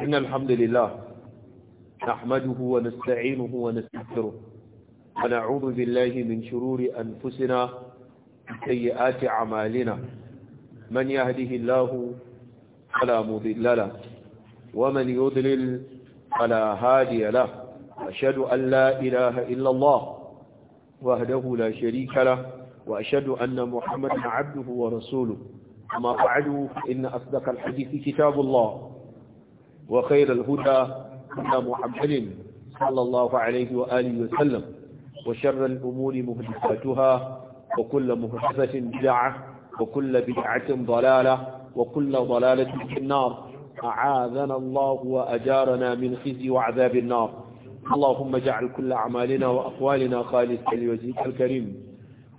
إن الحمد لله نحمده ونستعينه ونستغفره ونعوذ بالله من شرور أنفسنا سيئات أعمالنا من يهده الله فلا مضل له ومن يضلل فلا هادي له أشهد أن لا إله إلا الله وهده لا شريك له وأشهد أن محمدا عبده ورسوله أما بعد إن أصدق الحديث كتاب الله وخير الهدى هدى محمد صلى الله عليه وآله وسلم وشر الأمور مهدفاتها وكل مهدفة بدعة وكل بدعة ضلالة وكل ضلالة في النار أعاذنا الله وأجارنا من خزي وعذاب النار اللهم اجعل كل أعمالنا وأقوالنا خالصة لوجهك الكريم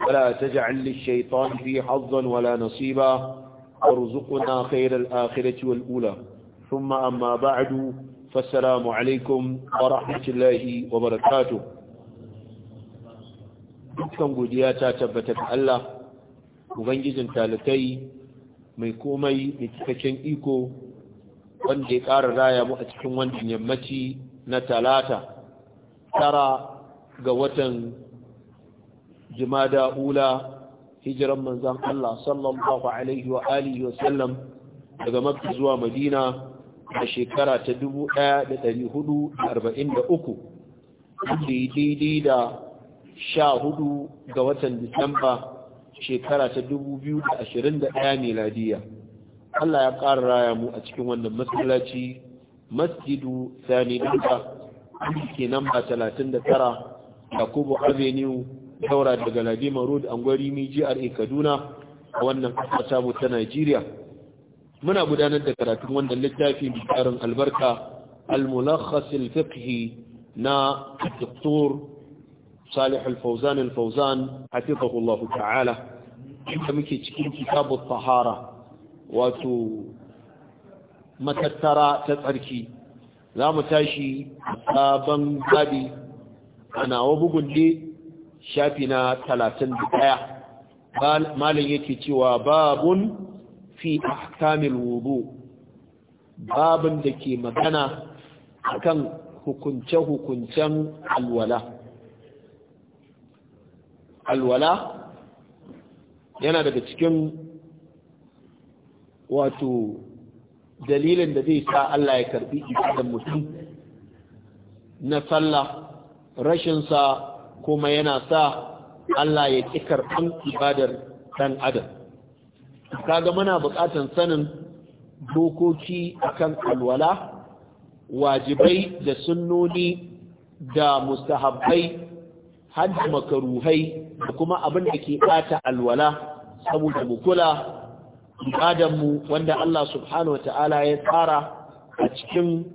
ولا تجعل للشيطان في حظا ولا نصيبا وارزقنا خير الآخرة والأولى ثم أما بعد فالسلام عليكم ورحمة الله وبركاته dukkan godiya ta tabbata ga Allah ubangijin talakai mai komai da cikakken iko wanda ya ƙara raya mu a cikin wannan yammaci na talata tara ga watan jimada ula hijiran manzan Allah sallallahu alaihi wa alihi wa sallam daga makka zuwa madina a shekara ta 1443 daidai da sha hudu ga watan disamba shekara ta 2021 miladiya Allah ya ƙara raya mu a cikin wannan masallaci masjidu sani duka ke tara 39 yakubu avenue daura daga ladima road angwari mi jihar kaduna a wannan ƙasa ta Najeriya. muna gudanar da karatun wannan littafi mai karin albarka al mulakhasil fiqhi na Dr. Salih al-Fawzan al-Fawzan hafizahu Allah ta'ala inda muke cikin kitab tahara wato matattara ta tsarki za mu tashi sabon babi a nawa bugun ne shafi na 31 malin yake cewa babun fi ahkamil wudu baban da ke magana akan hukunce-hukuncen alwala alwala yana daga cikin wato dalilin da zai sa Allah ya karbi ibadan mutum na sallah rashinsa kuma yana sa Allah ya ƙi karɓan ibadar ɗan adam kaga muna buƙatar sanin dokoki akan alwala wajibai da sunnoni da mustahabbai har da kuma abin da ke bata alwala saboda mu kula ibadan mu wanda Allah subhanahu wa ya tsara a cikin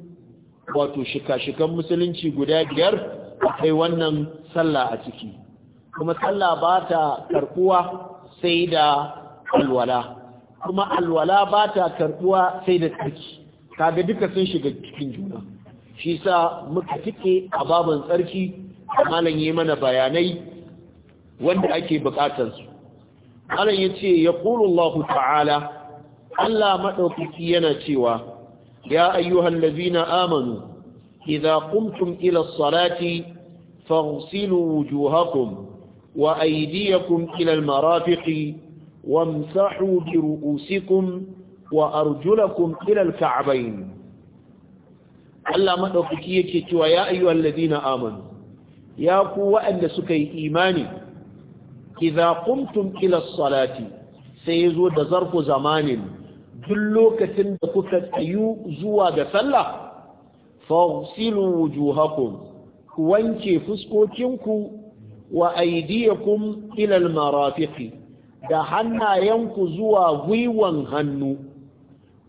wato shika-shikan musulunci guda biyar akwai wannan sallah a ciki kuma sallah ba ta karkuwa sai da alwala kuma alwala ba ta karbuwa sai da tsarki kaga duka sun shiga cikin juna shi sa muka tike a tsarki malam yi mana bayanai wanda ake bukatar su malam yace yaqulu Allah ta'ala Allah madaukaki yana cewa ya ayyuhal ladzina amanu idza qumtum ila as-salati faghsilu wujuhakum wa aydiyakum ila al وامسحوا برؤوسكم وأرجلكم إلى الكعبين Allah maɗaukaki yake cewa ya ayyu allazina amanu ya ku waɗanda suka yi imani idza qumtum ila salati sai da zarfu zamanin duk lokacin da kuka tsayu zuwa ga sallah fawsilu wujuhakum ku wanke fuskokinku wa aydiyakum ila almarafiqi da hannayenku zuwa gwiwan hannu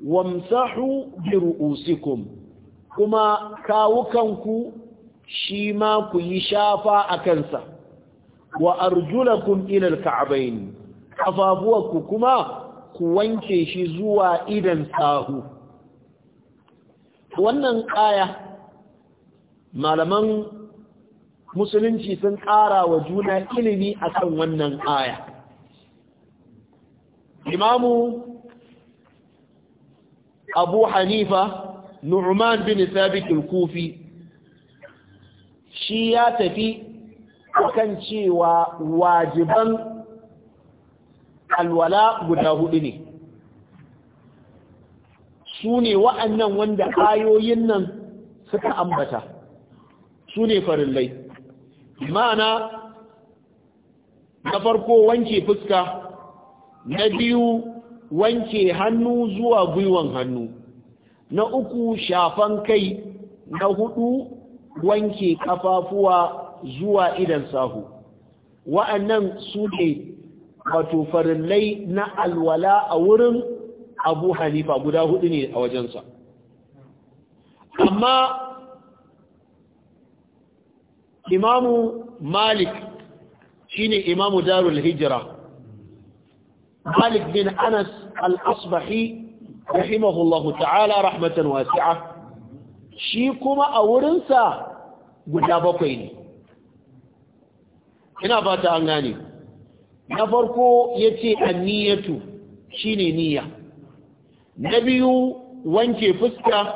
wamsahu bi ru'usikum kuma kawukanku shi ma ku yi shafa a kansa wa arjulakum ilal ka'abain, kafafuwarku kuma ku wanke shi zuwa idan sahu wannan ƙaya malaman musulunci sun ƙara wa juna ilimi akan wannan ƙaya imamu abu hanifa nu'man bin thabit al-kufi shi ya tafi kan cewa wajiban alwala guda hudu ne su ne wa'annan wanda ayoyin nan suka ambata su ne farillai ma'ana na farko wanke fuska na biyu wanke hannu zuwa gwiwan hannu na uku shafan kai na hudu wanke kafafuwa zuwa idan sahu wa'annan su ne wato farillai na alwala a wurin abu hanifa guda hudu ne a wajensa amma imamu malik shine imamu darul hijira مالك بن أنس الأصبحي رحمه الله تعالى رحمة واسعة شيكما أورنسا قدابكين هنا فاتا أنغاني نفرقو يتي النية شيني نية نبي وانكي فسكة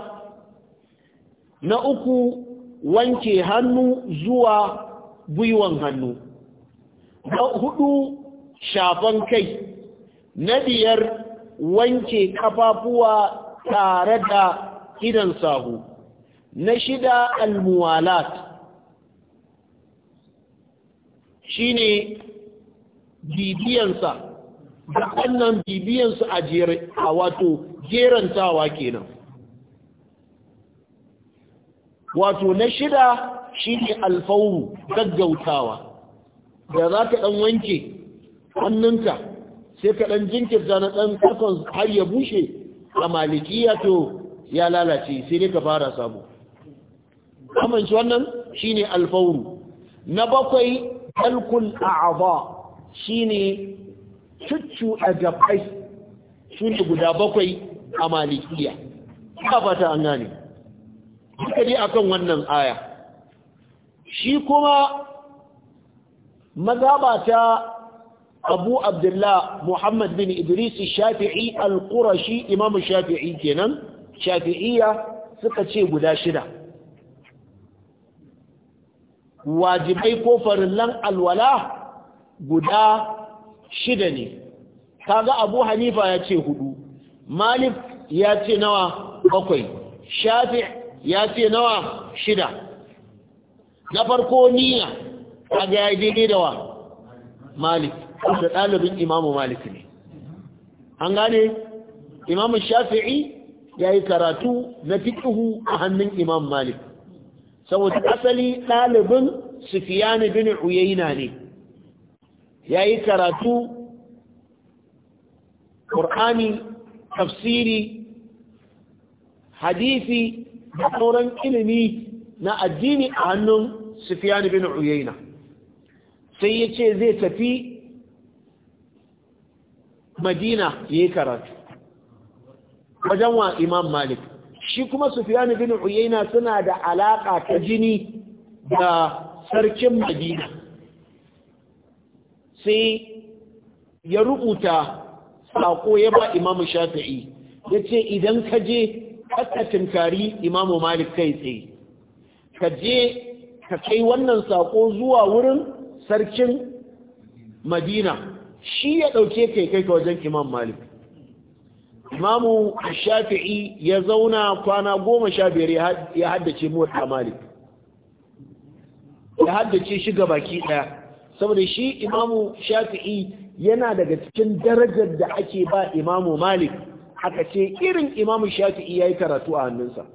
نأكو wanke hannu zuwa gwiwan hannu na hudu shafan kai na biyar wanke kafafuwa tare da idan sahu na shida almuwalat shine bibiyansa da wannan bibiyansu a a wato jerantawa kenan wato na shida shine alfawu gaggautawa da za ka ɗan wanke hannunka sai ka ɗan jinkirta na ɗan sakon har ya bushe a malikiya to ya lalace sai dai ka fara sabo amince wannan shine alfawru. na bakwai halkul a'aba shine cuccu a gabai shine guda bakwai a malikiya ka fata an gane duka dai akan wannan aya shi kuma mazaba abu abdullah muhammad bin idris shafi'i al-qurashi imam shafi'i kenan shafi'iyya suka ce guda shida wajibai ko farillan alwala guda shida ne kaga abu hanifa ya ce hudu malik ya ce nawa bakwai shafi ya ce nawa shida na farko niyya kaga ya daidai da wa malik da ɗalibin imamu malik ne an gane imamu shafi'i ya yi karatu na fiƙihu a hannun imam malik saboda asali ɗalibin sufiyani bin uyayna ne ya yi karatu ƙur'ani tafsiri hadisi da sauran ilimi na addini a hannun sufiyani bin uyayna sai ya ce zai tafi madina ya yi karatu wajen wa imam malik shi kuma sufiyanu bin uyayna suna da alaƙa ta jini da sarkin madina sai ya rubuta sako ya ba imamu shafi'i ya ce idan ka je ka tunkari imamu malik kai tsaye ka je ka kai wannan saƙo zuwa wurin sarkin madina shi ya ɗauke kai kai ka wajen imam malik imamu shafi'i ya zauna kwana goma sha biyar ya haddace mota malik ya haddace shi ga baki ɗaya saboda shi imamu shafi'i yana daga cikin darajar da ake ba imamu malik aka ce irin imamu shafi'i ya yi karatu a hannunsa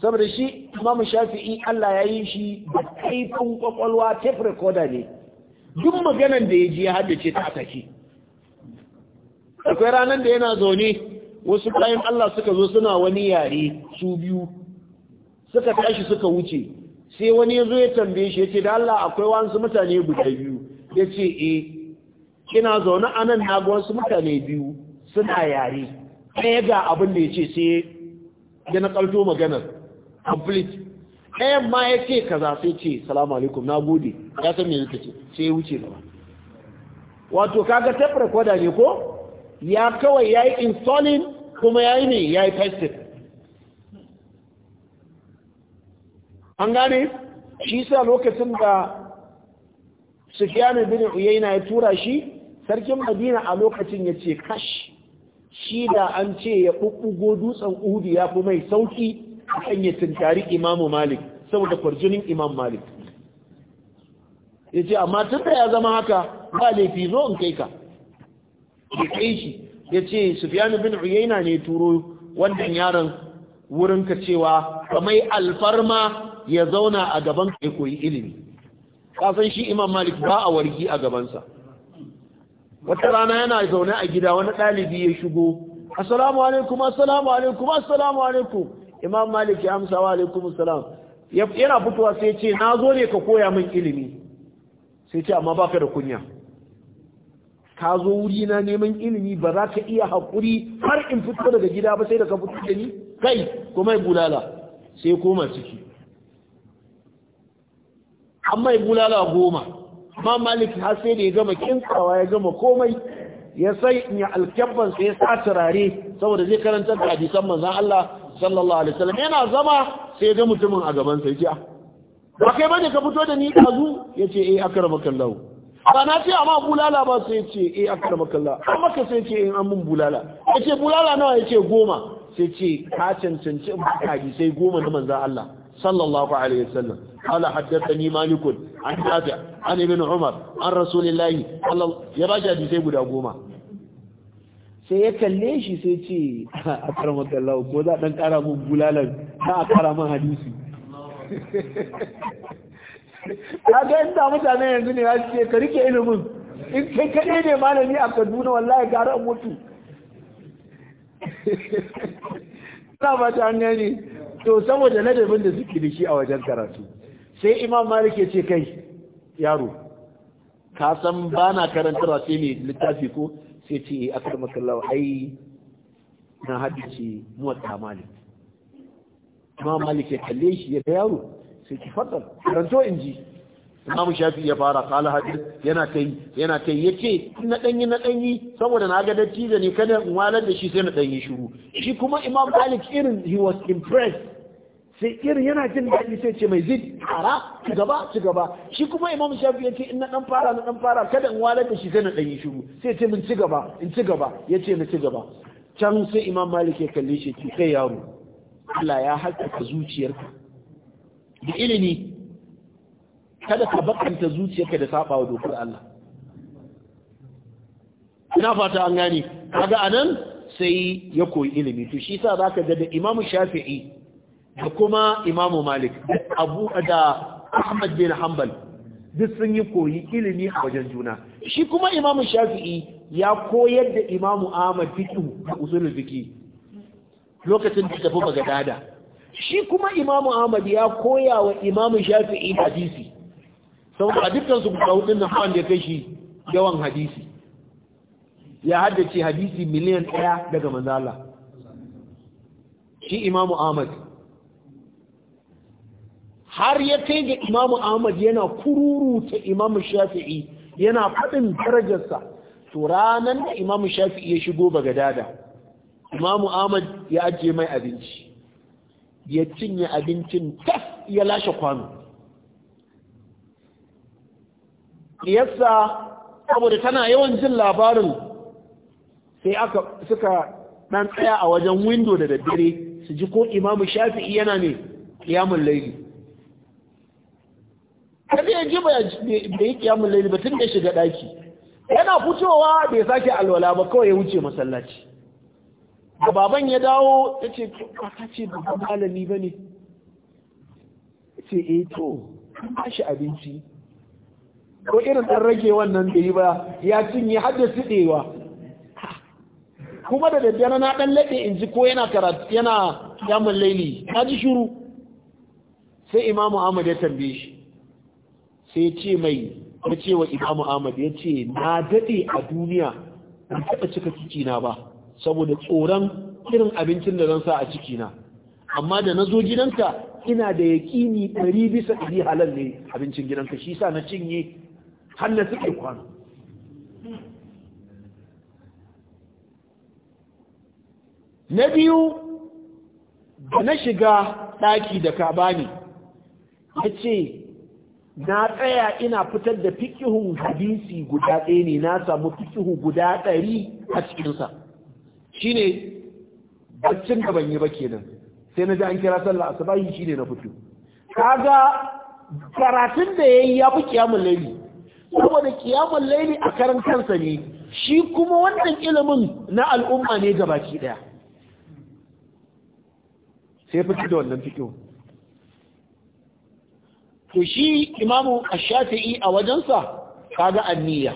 saboda shi imamu shafi'i allah ya yi shi da kaifin kwakwalwa tape recorder ne duk maganan da ya ji ya haddace ta atake akwai ranar da yana zaune wasu kayan Allah suka zo suna wani yare su biyu suka tashi suka wuce sai wani ya zo ya tambaye shi ya ce da Allah akwai wasu mutane guda biyu ya ce e kina zaune a nan na wasu mutane biyu suna yare ɗaya ga abin da ya ce sai ya na ƙalto maganar complete ɗayan ma ya ce kaza sai ce salamu alaikum na gode ya san me zai ce sai wuce gaba wato kaga tape recorder ne ko ya kawai ya yi kuma ya yi ne ya yi an gane shi sa lokacin da sufiyanu bin Uyayna ya tura shi sarkin madina a lokacin ya ce kash shi da an ce ya ɓuɓɓugo dutsen Ubi ya fi mai sauki kan ya tunkari imamu malik saboda kwarjinin imam malik ya ce amma tun da ya zama haka ba laifi zo in kai ka ya kai shi ya ce sufiyanu bin uyaina ne turo wannan yaron wurin ka cewa kamai alfarma ya zauna a gaban ka koyi ilimi kasan shi imam malik ba a wargi a gabansa wata rana yana zaune a gida wani ɗalibi ya shigo assalamu alaikum assalamu alaikum assalamu alaikum imam malik ya amsa wa alaikum salam yana fitowa sai ce na zo ne ka koya min ilimi sai ce amma baka da kunya ka zo wuri na neman ilimi ba za ka iya haƙuri har in fito daga gida ba sai da ka fito da ni kai kuma ya bulala sai koma ciki amma ya bulala goma amma malik har sai da ya gama kinsawa ya gama komai ya sai in yi alkyabban ya sa turare saboda zai karanta da hadisan manzan Allah sallallahu alaihi wasallam yana zama sai ya ga mutumin a gaban sa yace ah, ba kai bane ka fito da ni dazu yace eh akramakallahu ba na ce amma bulala ba sai yace eh akramakallahu amma ka sai yace in eh, an mun bulala yace bulala nawa yace goma sai ce ka cancanci in baka sai goma na manzon Allah sallallahu alaihi wasallam قال حدثني مالك عن نافع عن ابن عمر عن رسول الله صلى الله يا باشا دي سي غدا غوما sai ya kalle shi sai ce a karama kallawa ko za ɗan ƙara mun bulalar na a ƙara mun hadisi ya ga mutane yanzu ne ya ce ka rike ilimin in kai kaɗai ne malami a kaduna wallahi gara mutu na ba ta ne to saboda ladabin da suke da shi a wajen karatu sai imam malik ya ce kai yaro ka san ba na karantarwa sai ne littafi ko sai ce eh, a kada makallawa ai na haddace muwatta malik amma malik ya kalle shi ya ga yaro sai ki fadal karanto in ji imam shafi ya fara kala hadis yana kai yana kai yace na danyi na danyi saboda na ga dattijo ne kada in walar da shi sai na danyi shiru shi kuma imam malik irin he was impressed sai irin yana jin daɗi sai ce mai zid ara ci gaba ci gaba shi kuma imam shafi ya ce in na ɗan fara na ɗan fara kada in walar da shi sai na ɗan yi shiru sai ce min ci gaba in ci gaba ya ce na ci gaba can sai imam malik ya kalle shi ce kai yaro Allah ya haƙƙa zuciyarka da ilimi kada ka bakanta zuciyarka da saba wa dokar Allah ina fata an gane kaga anan sai ya koyi ilimi to shi yasa zaka ga da imam shafi'i da kuma imamu malik abu da ahmad bin hanbal duk sun yi koyi ilimi a wajen juna shi kuma imamu shafi'i ya koyar da imamu ahmad fiqh da usulul fiqh lokacin da tafi bagadada shi kuma imamu ahmad ya koya wa imamu shafi'i hadisi saboda dukkan su guda hudun nan da ya kai shi yawan hadisi ya haddace hadisi miliyan ɗaya daga manzala shi imamu ahmad har ya kai ga imamu ahmad yana kururu ta imamu shafi'i yana faɗin darajarsa to ranar da imamu shafi'i ya shigo ba gadada imamu ahmad ya ajiye mai abinci ya cinye abincin taf ya lashe kwano yasa saboda tana yawan jin labarin sai aka suka ɗan tsaya a wajen windo da daddare su ji ko imamu shafi'i yana ne ya laili kaje ya ji bai yi kiyamun laili ba tun da shiga daki yana fitowa bai sake alwala ba kawai ya wuce masallaci da baban ya dawo ya ce kaka ce babban malami ba ne ce e to ba shi abinci ko irin ɗan rage wannan da yi ba ya cinye har da kuma da daddana na ɗan laɗe in ji ko yana karatu yana yamun laili ta ji shuru sai imamu ahmad ya tambaye shi sai ce mai ya ce wa imamu ahmad ya ce na daɗe a duniya ban taɓa cika cikina ba saboda tsoron irin abincin da zan sa a cikina amma da na zo gidanka ina da yaƙini ɗari bisa ɗari halal ne abincin gidanka shi sa na cinye har na suke kwano. na biyu da na shiga ɗaki da ka bani ya ce na tsaya ina fitar da fikihun hadisi guda ɗaya ne na samu fikihu guda ɗari a cikinsa shi ne baccin da ban yi ba kenan sai na ji an kira sallah asubahi shi ne na fito kaga karatun da ya yi ya fi kiyamun laili saboda kiyamun laili a karan kansa ne shi kuma wannan ilimin na al'umma ne gabaki ɗaya sai fito da wannan fikihun to shi imamu ash-shafi'i a wajensa kaga anniya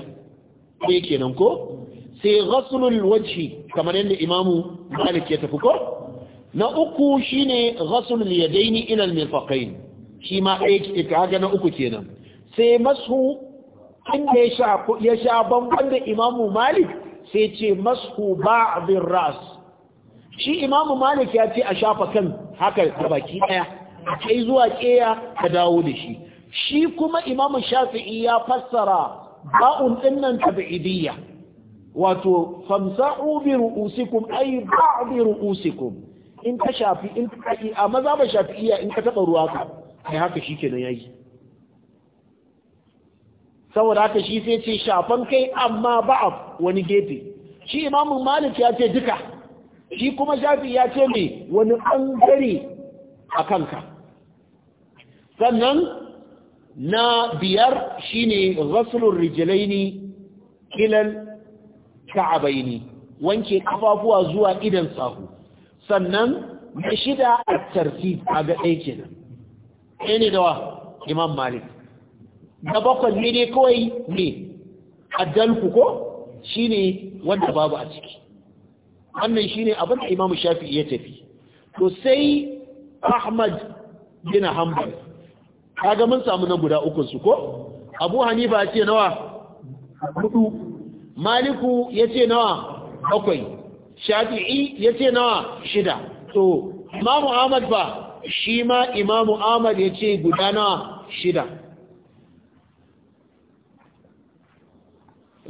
sai kenan ko sai ghaslul wajhi kamar yadda imamu malik ya tafi ko na uku shine ya yadaini ila mai mirfaqain shi ma ɗaya kaga na uku kenan sai masu inda ya sha ya da imamu malik sai ce masu ba'd ras shi imamu malik ya ce a shafa kan haka da baki daya kai zuwa ƙeya ka dawo da shi shi kuma imam shafi'i ya fassara ba'un nan tabi'idiyya wato famsa'u bi ru'usikum ay ba'd ru'usikum in ka shafi in ka yi a maza ba shafi'iyya in ka taba ruwa ka kai haka shikenan yayi saboda haka shi sai ce shafan kai amma ba'af wani gefe shi imamu malik ya ce duka shi kuma shafi ya ce me wani bangare a kanka sannan na biyar shine ghaslur rijlaini kilal ka'abaini wanke kafafuwa zuwa idan sahu sannan na shida at-tartib a ga ɗaya kenan ene dawa imam malik Da bakwai ne dai kawai ne addalku ko shine wanda babu a ciki wannan shine abin da imam shafi'i ya tafi to sai ahmad bin hanbal kaga mun samu na guda uku su ko abu hanifa ce nawa hudu maliku ya ce nawa bakwai shafi'i ya ce nawa shida to imamu ahmad ba shi ma imamu ahmad ya ce guda nawa shida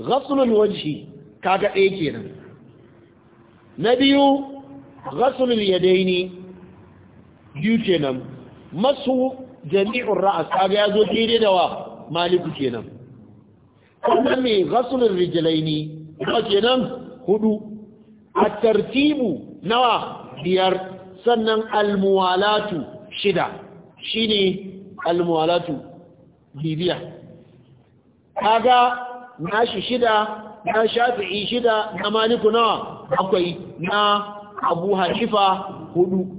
ghasulun wajhi kaga ɗaya kenan na biyu ya yadaini biyu kenan masu jami'ur ra'as kaga ya zo daidai da wa maliku kenan wannan mai ghasulur rijlaini ba kenan hudu at-tartibu nawa biyar sannan al-muwalatu shida shine al-muwalatu bibiya kaga nashi shida na shafi'i shida na maliku nawa akwai na abu hanifa hudu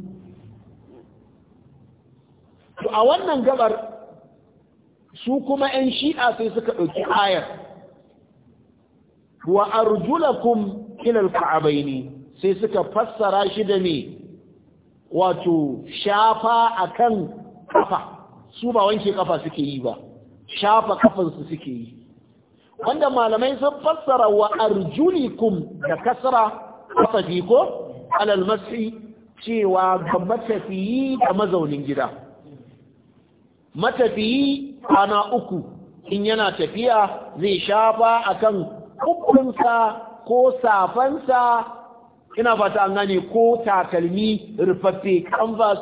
to a wannan gabar su kuma 'yan shi'a sai suka ɗauki ayar wa arjulakum ilal ka'abaini sai suka fassara shi da ne wato shafa akan kafa su ba wanke kafa suke yi ba shafa kafansu suke yi wanda malamai sun fassara wa arjulikum da kasra kafafi ko alal masi cewa ga matafiyi da mazaunin gida matafiyi kwana uku in yana tafiya zai shafa kan kukunsa ko safansa ina fata an gane ko takalmi rufaffe canvas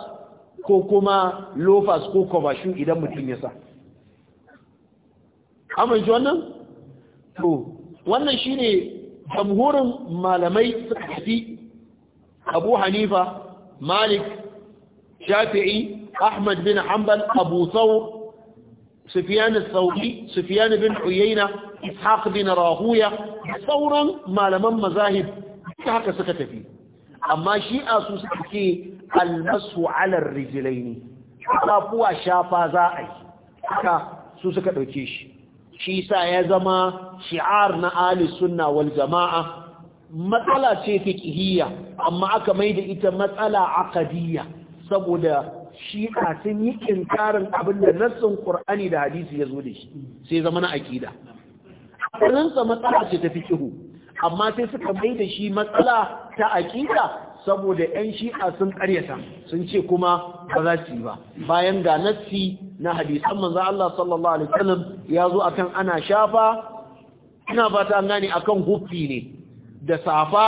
ko kuma lofas ko kwabashu idan mutum ya sa amince wannan? to wannan shine jamhurin malamai suka tafi abu hanifa malik shafi'i Ahmad bin Hanbal Abu Thawr Sufyan al bin Uyayna Ishaq bin Rahuya sauran malaman mazahib ta haka suka tafi amma shi'a su suka ce almasu ala rijlaini kafuwa shafa za'a yi haka su suka dauke shi shi sa ya zama shi'ar na ahli sunna wal jama'a matsala ce ta fiqhiyya amma aka maida ita matsala aqdiyya saboda shi'a sun yi inkarin abin da nassin Qur'ani da hadisi ya zo da shi sai zama na akida rinsa matsala ce ta fikihu amma sai suka mai da shi matsala ta akida saboda yan shi'a sun karyata sun ce kuma ba za su yi ba bayan ga nassi na hadisan manzo Allah sallallahu alaihi wasallam ya zo akan ana shafa ina fata an gane akan huffi ne da safa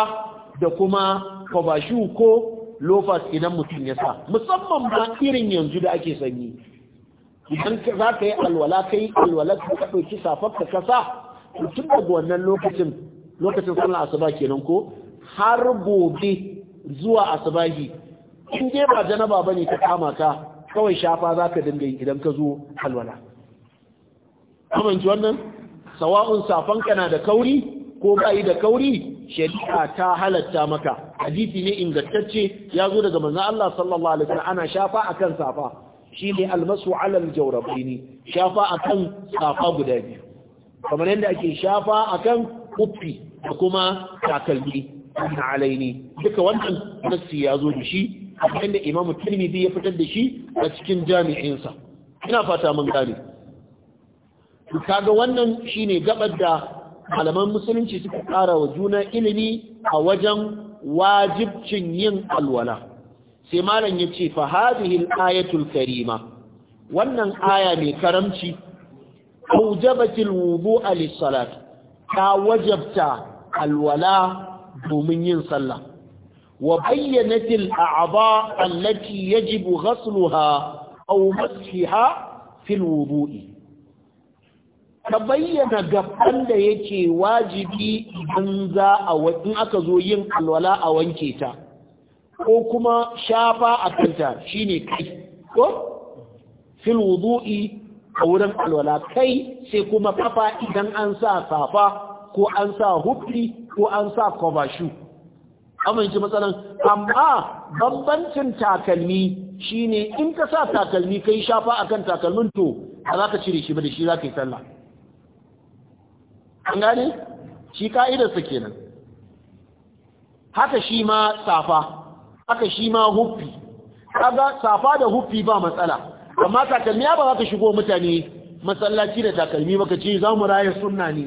da kuma kabashu ko lofas idan mutum ya sa musamman ba irin yanzu da ake sanyi idan za ka yi alwala ka yi alwala ka ɗauki safar ka kasa, tun daga wannan lokacin lokacin sallar asuba kenan ko har gobe zuwa asubahi in je ba janaba ne ka kama ka kawai shafa za ka dinga yi idan ka zo alwala amince wannan sawa'un safanka na da kauri ko ba yi da kauri shari'a ta halatta maka hadisi ne ingantacce ya zo daga manzon Allah sallallahu alaihi wasallam ana shafa akan safa shine almasu ala aljawrabaini shafa akan safa guda biyu kamar yadda ake shafa akan kuffi da kuma takalmi na alaini duka wannan nassi ya zo da shi kamar yadda imamu tirmidhi ya fitar da shi a cikin jami'insa ina fata mun gane kaga wannan shine gabar da malaman musulunci suka ƙara wa juna ilimi a wajen wajibcin yin alwala sai malam ya ce fa hadhihi al-ayatul karima wannan aya mai karamci aujabatil wudu'a lis-salat ta wajabta alwala domin yin sallah wa bayyanatil a'dha allati yajibu ghasluha aw masfiha fil wudu'i ka bayyana gaban da yake wajibi idan za a in aka zo yin alwala a wanke ta ko kuma shafa a kanta shi ne kai ko fil wudu'i a wurin alwala kai sai kuma kafa idan an sa safa ko an sa hufi ko an sa kwabashu amince matsalan amma bambancin takalmi shine in ka sa takalmi kai shafa akan takalmin to ba za ka cire shi ba da shi za ka yi sallah an gane shi ka'idarsa kenan haka shi ma safa haka shi ma huffi kaga safa da huffi ba matsala amma takalmi ba za ka shigo mutane masallaci da takalmi ba ka ce za mu raya sunna ne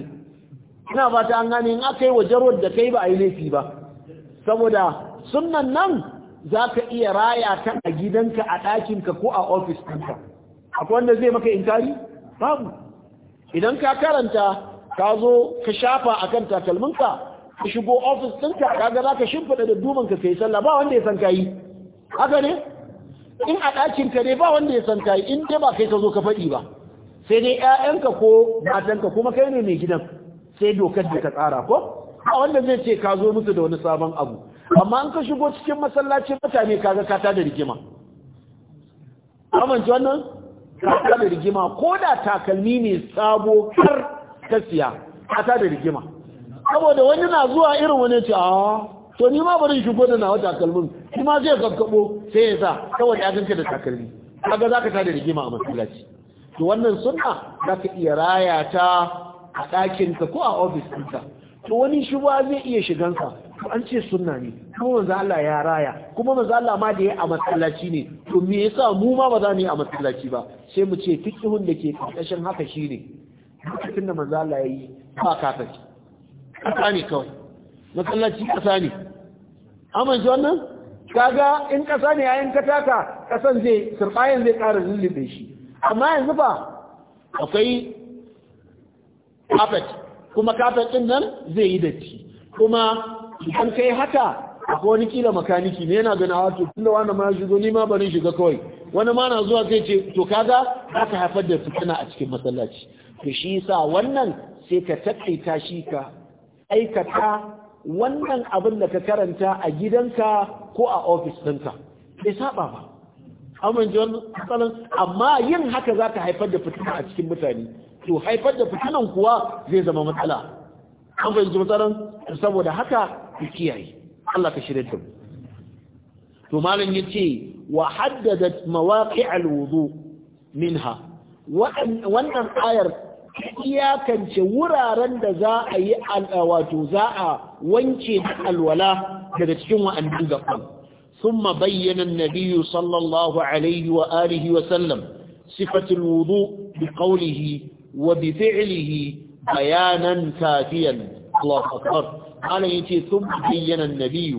ina ba ta an gane in aka yi wajen da kai ba a yi laifi ba saboda sunan nan za ka iya raya ta a gidanka a ɗakinka ko a ofis ɗinka akwai wanda zai maka inkari babu idan ka karanta ka zo ka shafa a kan takalminka ka shigo ofis ɗinka kaga za ka shimfiɗa da dumanka ka yi sallah ba wanda ya san ka yi haka ne in a ɗakinka ne ba wanda ya san ka yi in dai ba kai ka zo ka faɗi ba sai dai 'ya'yanka ko matanka kuma kai ne mai gidan sai dokar da ka tsara ko ba wanda zai ce ka zo musu da wani sabon abu amma an ka shigo cikin masallacin mutane kaga ka tada rigima amince wannan ka tada rigima ko da takalmi ne sabo har Kasiya siya da rigima saboda wani na zuwa irin wani ce a ah, to ni ma bari shigo da nawa takalmin shi ma zai kakkabo sai ya sa saboda ya ganka da takalmi kaga zaka ta da rigima a masallaci to wannan sunna zaka iya raya ta a ɗakin ka ko a ofis ɗinka to wani shi ba zai iya shigansa to an ce sunna ne kuma manzo Allah ya raya kuma manzo Allah ma da ya a masallaci ne to me yasa mu ma ba za mu yi a masallaci ba sai mu ce fiqhun da ke karkashin haka shine lokacin da manzo Allah yi ba kafiri kasa ne kawai masallaci kasa ne Amince shi wannan kaga in kasa ne yayin kataka kasan zai sirbayan zai ƙara zullube shi amma yanzu ba akwai kafet kuma kafet ɗinnan nan zai yi datti kuma idan kai haka akwai wani kila makaniki ne yana gana ah, wato tunda wani ma shigo ni ma barin shiga kawai wani ma na zuwa zai ce to kaga za ka haifar da fitina a cikin masallaci to shi sa wannan sai ka taƙaita shi ka aikata wannan abin da ka karanta a gidanka ko a ofis ɗinka bai saba ba amin tsanan amma yin haka za ka haifar da fitina a cikin mutane to haifar da fitinan kuwa zai zama matsala an fahimci matsalan saboda haka ku kiyaye Allah ka shirya da mu to malam yace wa haddadat mawaqi'al wudu minha wannan ayar iyakance wuraren da za a yi wato za a wanke da alwala daga cikin wa'annan gaban ثم بين النبي صلى الله عليه وآله وسلم صفة الوضوء بقوله وبفعله بيانا كافيا الله أكبر قال يتي ثم بين النبي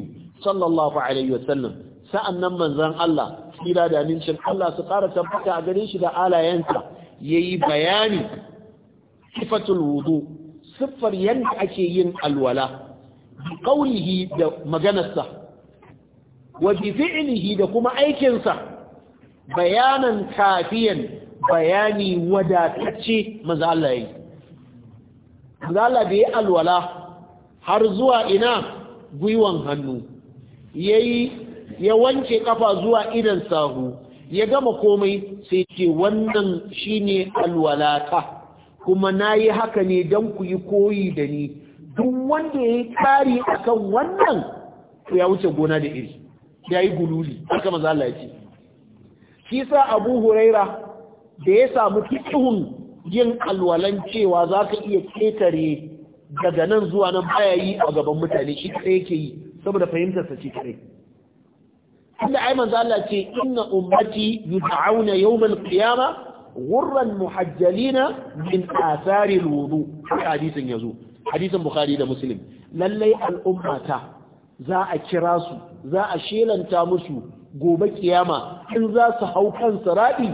صلى الله عليه وسلم سأنا من ذن الله إلى دانين شن الله سقارة تبقى عدنيش دا آلا ينسى يي بياني sifatul wudu siffar yadda ake yin alwala bi qawlihi da maganarsa wa bi fi'lihi da kuma aikinsa bayanan kafiyan bayani wadatacce manzo Allah yayi manzo Allah alwala har zuwa ina gwiwan hannu yayi ya wanke kafa zuwa idan sahu ya gama komai sai ce wannan shine alwalata kuma na yi haka ne don ku yi koyi da ni duk wanda ya yi ƙari a kan wannan to ya wuce gona da iri ya yi gululi haka kama Allah ya ce shi sa abu huraira da ya samu fikihun yin alwalan cewa za ka iya ketare daga nan zuwa nan baya yi a gaban mutane shi kai yake yi saboda fahimtarsa ce kai. inda ai manzo Allah ce inna ummati yud'auna yawmal qiyamah gurran muhajjalina min asari wudu hadisin yazo Hadisan bukhari da muslim lallai al'ummata za a kira su za a shelanta musu gobe ƙiyama. in za su hau kan saradi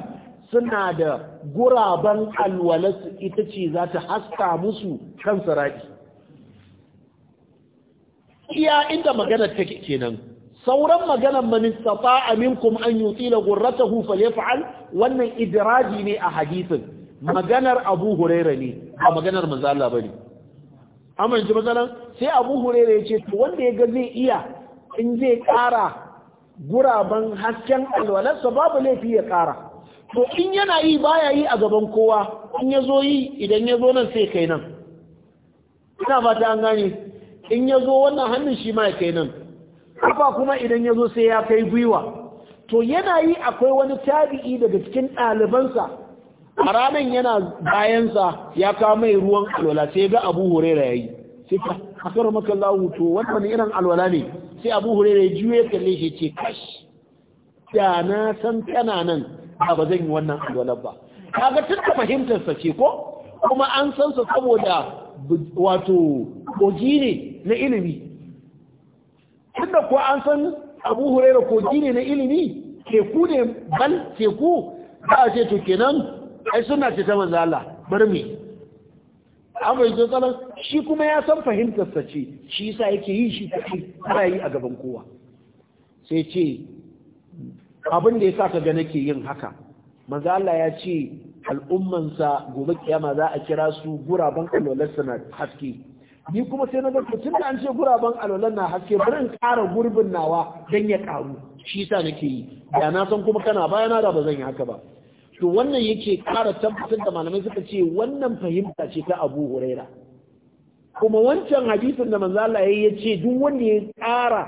suna da guraben alwalarsu ita ce za ta haska musu kan saradi iya inda maganar take kenan sauran maganar manistata aminkum an gurrata hufa ya fa’al wannan idiraji ne a hadisin maganar Abu Hurairah ne a maganar mazala ba ne. amma matsalan sai Abu huraira ya ce to wanda ya ga zai iya in zai ƙara guraben hasken alwalarsa babu laifi ya kara to in yana yi baya yi a gaban kowa in ya zo yi idan ya zo nan sai kai nan ina fata an gane in ya zo wannan hannun shi ma ya kai nan kafa kuma idan ya zo sai ya kai gwiwa to yana yi akwai wani tabi'i daga cikin ɗalibansa a ranar yana bayansa ya kawo mai ruwan alwala sai ga abu hurera ya yi sai ka maka lahu to wani irin alwala ne sai abu hurera ya juye kalle shi ce kash da na san tana nan a ba zan yi wannan alwala ba kaga tun da fahimtarsa ce ko kuma an san sa saboda wato oji ne na ilimi tunda ko an san abu huraira kogi ne na ilimi teku ne bal teku ba a ce to kenan ai suna ce ta manzo Allah bar me an bai zo shi kuma ya san fahimtar sa ce shi yasa yake yi shi take ba yi a gaban kowa sai ce abin da yasa ka ga nake yin haka manzo Allah ya ce al'ummansa gobe kiyama za a kira su guraben alwalar sana haske ni kuma sai na ga tun da an ce guraben alwalan na haske bari in ƙara gurbin nawa don ya ƙaru shi sa nake yi da na san kuma kana bayana da ba zan yi haka ba to wannan yake ƙara tabbatar da malamai suka ce wannan fahimta ce ta Abu Huraira kuma wancan hadisin da manzo Allah yayi yace duk wanda ya ƙara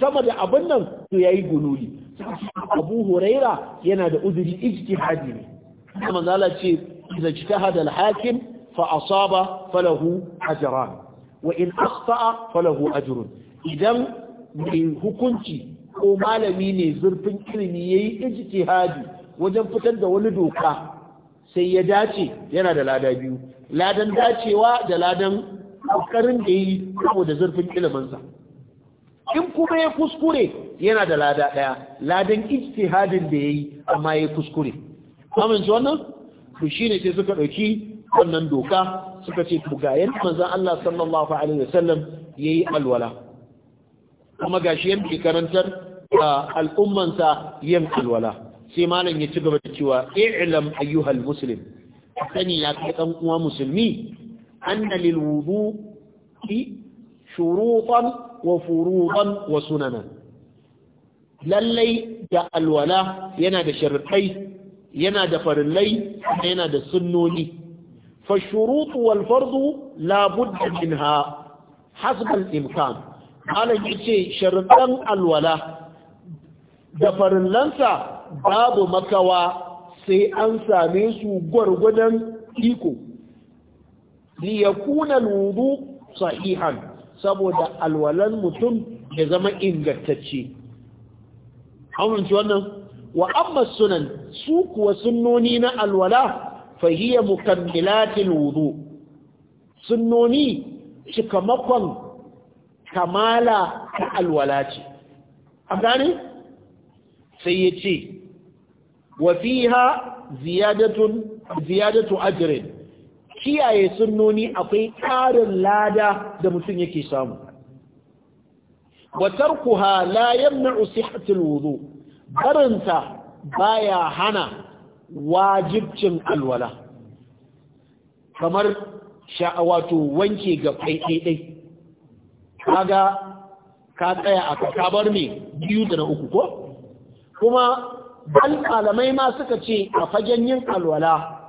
sama da abin nan to yayi gululi Abu Huraira yana da uzuri ijtihadi ne manzo Allah ce idza ijtahada al-hakim fa asaba falahu ajran wa in akhta'a falahu ajrun idan mai hukunci ko malami ne zurfin ilimi yayi ijtihadi wajen fitar da wani doka sai ya dace yana da lada biyu ladan dacewa da ladan kokarin da yi saboda zurfin iliminsa in kuma ya kuskure yana da lada daya ladan ijtihadin da yayi amma ya kuskure amince wannan to shine sai suka dauki wannan doka suka ce to ga yanda manzon Allah sallallahu alaihi wasallam yayi alwala kuma gashi yanda karantar da al'ummansa yin alwala sai malam ya ci gaba da cewa i'lam ayyuhal muslim sani ya kai dan uwa musulmi anna lil wudu'i shurutan wa furudan wa sunana. lallai da alwala yana da sharɗai yana da farillai yana da sunnoni فالشروط والفرض لا بد منها حسب الإمكان قال يجي شرطان الولا دفرن لنسا باب مكوى sai an same su gwargwadon iko li yakuna alwudu sahihan saboda alwalan mutum ya zama ingantacce amince wannan wa amma sunan su kuwa sunnoni na alwala fahiyya mukammilatil wudu sunnoni cikamakon kamala ta alwala ce a gane sai ya ce Wafiha fiha ziyadatun kiyaye sunnoni akwai ƙarin lada da mutum yake samu wa tarkuha la yamna'u sihhatul wudu barinta baya hana wajibcin alwala kamar sha'awato wanke ga ɗaiɗai kaga ka tsaya a kakabar ne biyu da na uku ko kuma dan malamai ma suka ce a fagen yin alwala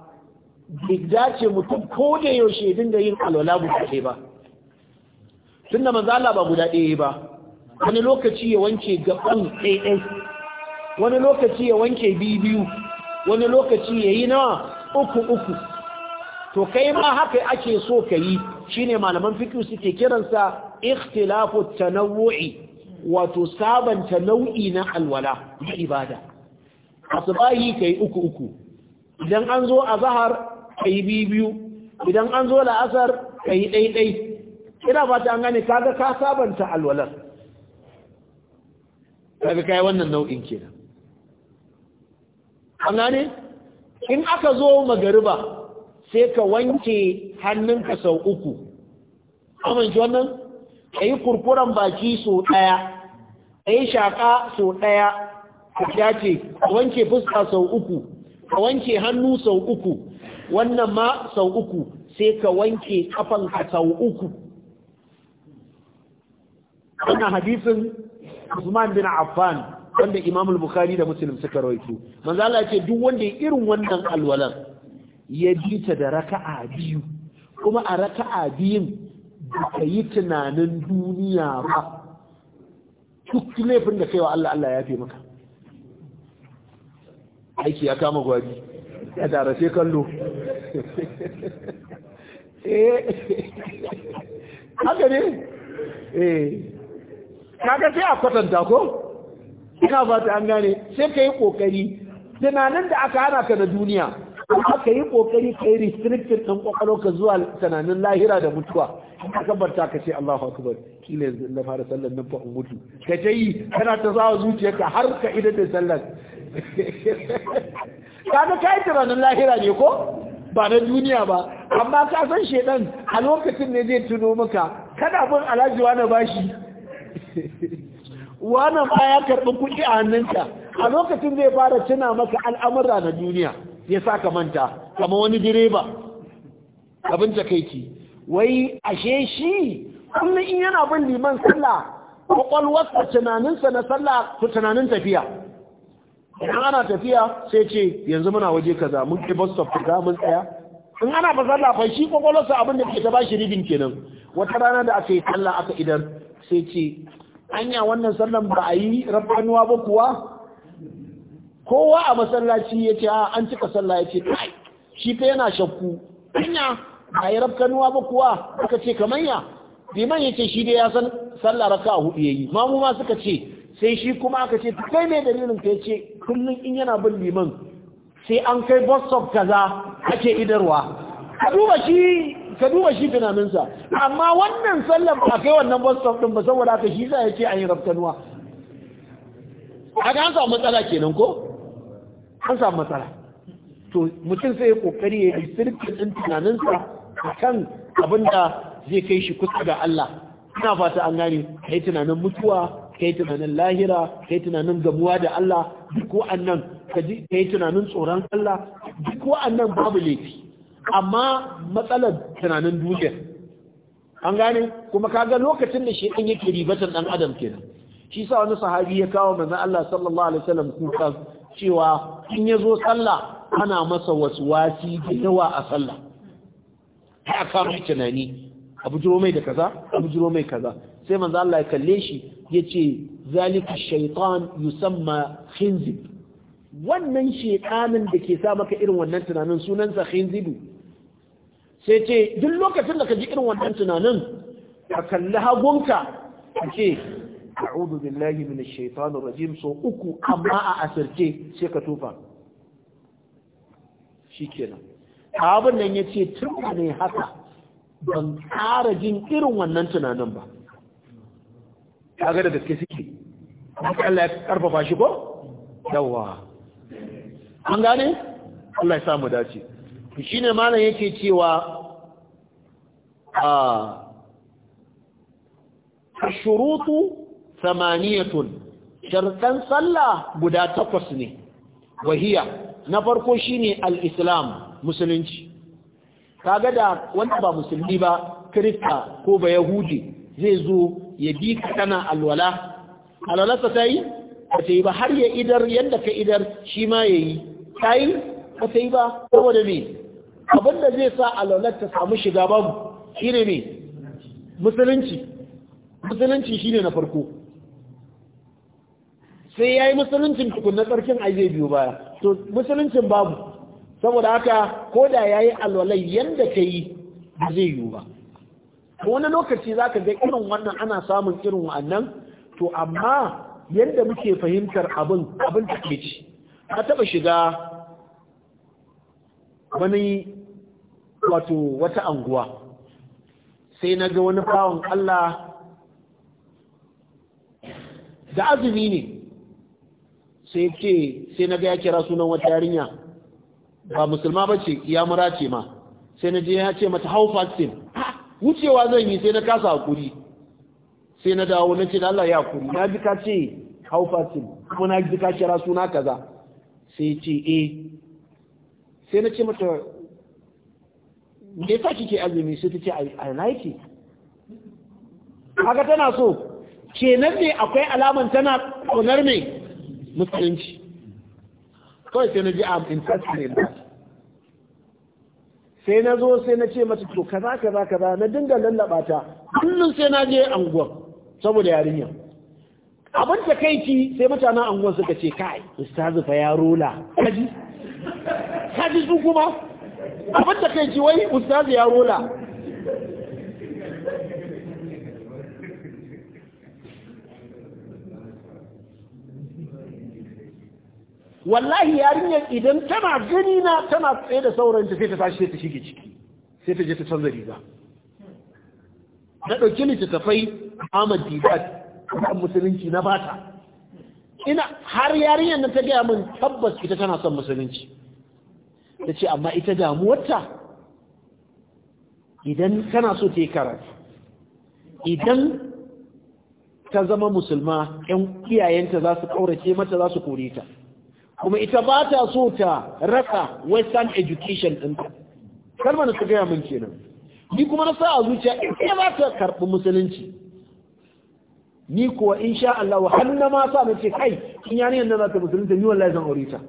duk ce mutum ko da yaushe dinga yin alwala guda ɗaya ba tun da manzala ba guda ɗaya ba wani lokaci ya wanke gaban ɗaiɗai wani lokaci ya wanke biyu biyu wani lokaci ya yi nawa uku uku to kai ma haka ake so ka yi shine malaman fikir suke kiransa ikhtilafu tanawu'i wato sabanta nau'i na alwala da ibada ka yi uku uku idan an zo a zahar ka yi biyu idan an zo la'asar kai yi ɗaiɗai ina fata an gane kaga ka sabanta alwalar kaga kai wannan nau'in kenan an in aka zo magariba sai ka wanke hannunka sau uku amince wannan ka yi kurkuren baki sau ɗaya ka yi shaƙa sau ɗaya ka dace ka wanke fuska sau uku ka wanke hannu sau uku wannan ma sau uku sai ka wanke kafanka sau uku wannan hadisin Usman bin Affan wanda Imam al-Bukhari da Muslim suka rawaito manzo Allah ya ce duk wanda ya irin wannan alwalan ya bi ta da raka'a biyu kuma a raka'a biyun ka yi tunanin duniya ba duk laifin da kai wa Allah Allah ya fi maka aiki ya kama gwaji, ya darashe kallo eh haka ne eh kaga sai a kwatanta ko Ka ba ta an gane sai ka yi kokari tunanin da aka hana ka da duniya amma ka yi kokari ka yi restricted ɗin ka zuwa tunanin lahira da mutuwa ka kabarta ka ce Allahu akbar kila yanzu na fara sallar nan fa in mutu ka ta yi kana ta zawa zuciyarka har ka idan da sallar Ka ga ka yi tunanin lahira ne ko ba na duniya ba amma ka san shedan a lokacin ne zai tuno maka kada bin alhaji wani bashi wannan ba ya karɓi kuɗi a hannunka a lokacin zai fara tuna maka al'amura na duniya ya sa ka manta kama wani direba abin takaici wai ashe shi kullum in yana bin liman sallah kwakwalwarsa tunaninsa na sallah ku tunanin tafiya idan ana tafiya sai ce yanzu muna waje kaza mun ke bus stop kaza mun tsaya in ana ba sallah fa shi kwakwalwarsa abin da ke ta bashi ribin kenan wata rana da aka yi sallah aka idan sai ce anya wannan sallan ba a yi rabbanuwa ba kuwa kowa a masallaci ya ce ah, an cika sallah ya ce kai shi ta yana shakku anya ba a yi rabbanuwa ba kuwa aka ce kamar ya liman ya ce shi dai ya san salla raka a hudu ya yi mamu ma suka ce sai shi kuma aka ce kai mai dalilin ka ya ce kullum in yana bin liman sai an kai bus stop kaza ake idarwa ka duba shi tunaninsa amma wannan sallar ba kai wannan boston stop din ba saboda aka shi za ya ce an yi raftanuwa haka an samu matsala kenan ko an samu matsala to mutum sai ya kokari ya yi sirkin din tunaninsa kan abin da zai kai shi kusa ga Allah ina fata an gane yi tunanin mutuwa ka yi tunanin lahira ka yi tunanin gamuwa da Allah duk wa'annan ka yi tunanin tsoron Allah duk wa'annan babu laifi amma matsalar tunanin dukiyar an gane kuma ga lokacin da shekan yake ribatan ɗan adam kenan shi sa wani sahabi ya kawo manzon Allah sallallahu alaihi wasallam kuka cewa in ya zo sallah ana masa waswasi da yawa a sallah ya kawo tunani abu jiro mai da kaza abu jiro mai kaza sai manzon Allah ya kalle shi yace zalika shaitan yusamma khinzib wannan shekanin da ke sa maka irin wannan tunanin sunansa zidu sai ce duk lokacin da ka ji irin wannan tunanin ka kalli hagunka ka ce bin lahi minash shaitanir rajim so uku amma a asirce sai ka tufa Shi kenan. abin nan ya ce tun ne haka ban kara jin irin wannan tunanin ba Ya ga da gaske suke Allah ya karfafa shi ko Yawwa. an gane Allah ya samu dace to shine malam yake cewa a ah, shurutu samaniyatun shartan sallah guda takwas ne wahiya na farko shine al-islam musulunci Ka ga da wanda ba musulmi ba kirista ko ba yahudi zai zo ya bi kana alwala alwalarsa ta yi ba ta yi ba har ya idar yadda ka idar shi ma ya yi ta yi ba ta yi ba saboda me abin da zai sa alaunar ta samu shiga babu shi ne me musulunci musulunci shi ne na farko sai ya yi musuluncin na tsarkin aje biyu baya to musuluncin babu saboda haka ko da ya yi alwalai yadda ka yi ba zai yiwu ba wani lokaci za ka ga irin wannan ana samun irin wannan to amma yadda muke fahimtar abin abin ke ci ka taba shiga wani wato wata anguwa sai na ga wani fawon Allah da azumi ne sai ce sai na ga ya kira sunan wata yarinya ba musulma ba ce ya mura ce ma sai na je ya ce mata how fasting wucewa zan yi sai na kasa hakuri sai na dawo na ce da Allah ya kuri na ji ka ce haufatin ko na ji ka kira suna kaza sai ce eh sai na ce mata me yasa kike azumi sai ta ce a na yake haka tana so kenan ne akwai alaman tana kunar me musulunci kawai sai na ji am interested in that sai na zo sai na ce mata to kaza kaza kaza na dinga lallaba ta kullum sai na je anguwa saboda yarinya abin da kai ki sai mutanen anguwan suka ce kai ustazu fa ya rola kaji kaji su kuma abin da kai ki wai ustazu ya rola wallahi yarinyar idan tana gani na tana tsaye da sauranta sai ta tashi ta shige ciki sai ta je ta canza riga na ɗauki ta tafai. Ahmad Dibat kan musulunci na bata ina har yarinyar nan ta gaya min tabbas ita tana son musulunci ta ce amma ita damuwarta idan tana so ta yi karatu idan ta zama musulma ‘yan iyayenta za su ƙaurace mata za su kore ta kuma ita ba ta so ta rasa western education ɗinta kalmar da su gaya min kenan ni kuma na sa a zuciya ita ba ta karɓi musulunci ni kuwa insha Allah wa hanna ma sa mace kai in yani yanda za ta musulunta ni wallahi zan aure ta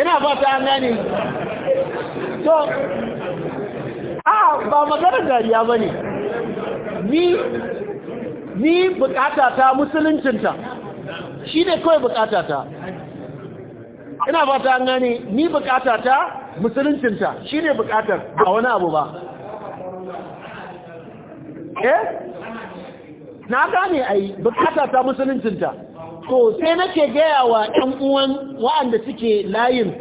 ina ba ta an gane to a ba magana dariya ba ne ni ni bukata ta musuluncinta shi ne kawai bukata ta ina ba ta gane ni bukata ta musuluncinta shi ne bukatar ba wani abu ba eh na gane ai bukata ta musuluncinta to sai nake gaya wa ɗan uwan wa'anda suke layin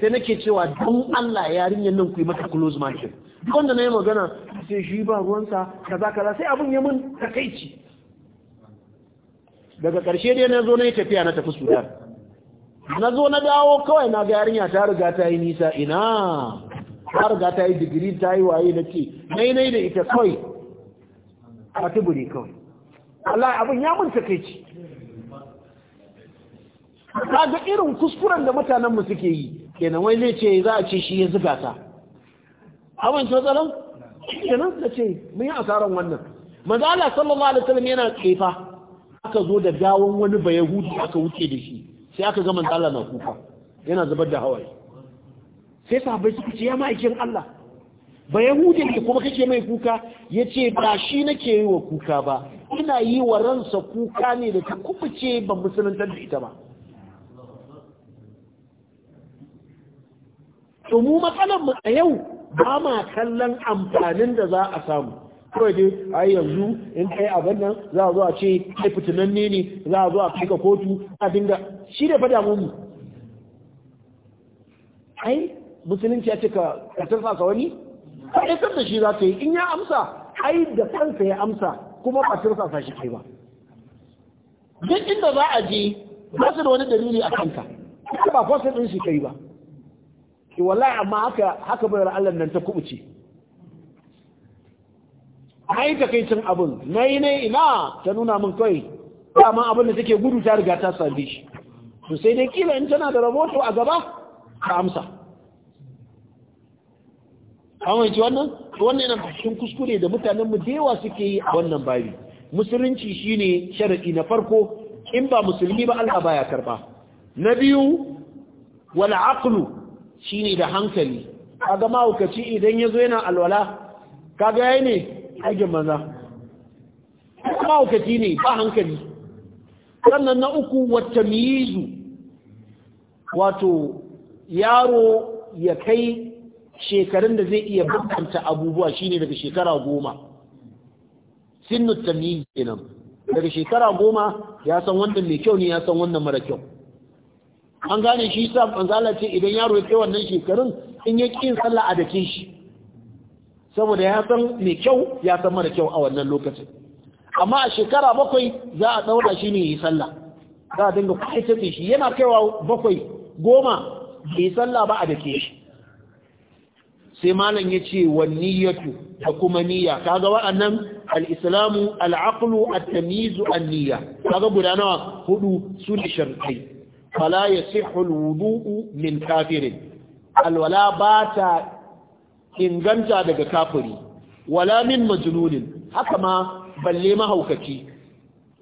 sai nake cewa don Allah yarinyar nan ku yi mata close market wanda na yi magana sai shi ba ruwansa kaza kaza sai abin ya mun takaici daga ƙarshe dai na zo na yi tafiya na tafi sudan na zo na dawo kawai na ga yarinya ta riga ta yi nisa ina ta riga ta yi digiri ta yi waye na ce nainai da ita kawai a tubure kawai Allah abin ya mun ta ga irin kuskuren da mutanen mu suke yi kenan wai zai ce za a ce shi ya zuga ta abin ta tsaron kenan ta ce mun yi asaran wannan Maza Allah sallallahu alaihi wasallam yana kefa aka zo da gawon wani bayahudi aka wuce da shi sai aka gama manzo Allah na kuka yana zubar da hawaye sai sahabbai suka ce ya ma'aikin Allah ba yahude ne kuma kake mai kuka Ya ce ba shi nake yi wa kuka ba ina yi wa ransa kuka ne da ta ce ban musulunta da ita ba to matsalar mu a yau ba ma kallon amfanin da za a samu kawai dai ai yanzu in kai abin nan za a zo a ce kai fitinanne ne ne, za a zo a kai kotu a dinga shi ne fa damu mu ai musulunci ya ce ka tarfa ka wani faɗaƙar da shi za ka yi in ya amsa ai da kansa ya amsa kuma ba sa, sa shi kai ba duk inda za a je ba su da wani dalili a kanka ba kwasa ɗin shi kai ba wallahi amma haka haka bayar Allah nan ta kubuce ai takaicin abin na yi na ina ta nuna min kawai dama abin da take gudu ta riga ta same shi to sai dai kila in tana da rahoto a gaba ka amsa an wanci wannan wannan yana cikin kuskure da mutanen mu dewa suke yi a wannan babi musulunci shine sharadi na farko in ba musulmi ba Allah baya karba na biyu wal aqlu shine da hankali kaga mahaukaci idan yazo yana alwala kaga yayi ne aikin maza ma'aukaci ne ba hankali sannan na uku wata miyizu wato yaro ya kai shekarun da zai iya bambanta abubuwa shine daga shekara goma sinnu tamiz kenan daga shekara goma ya san wanda mai kyau ne ya san wanda mara kyau an gane shi sa manzala ce idan yaro ya kai wannan shekarun in ya ƙin sallah a dake shi saboda ya san mai kyau ya san mara kyau a wannan lokacin amma a shekara bakwai za a daura shi ne yi sallah za a dinga kwaitace shi yana kaiwa bakwai goma yi sallah ba a ke shi sai malam ya ce wa niyyatu da kuma niyya kaga wa'annan al-islamu al-aqlu at-tamyiz an-niyya kaga guda nawa hudu su ne shartai fala yasihu al-wudu'u min kafirin alwala ba ta inganta daga kafiri wala min majnunin haka ma balle mahaukaci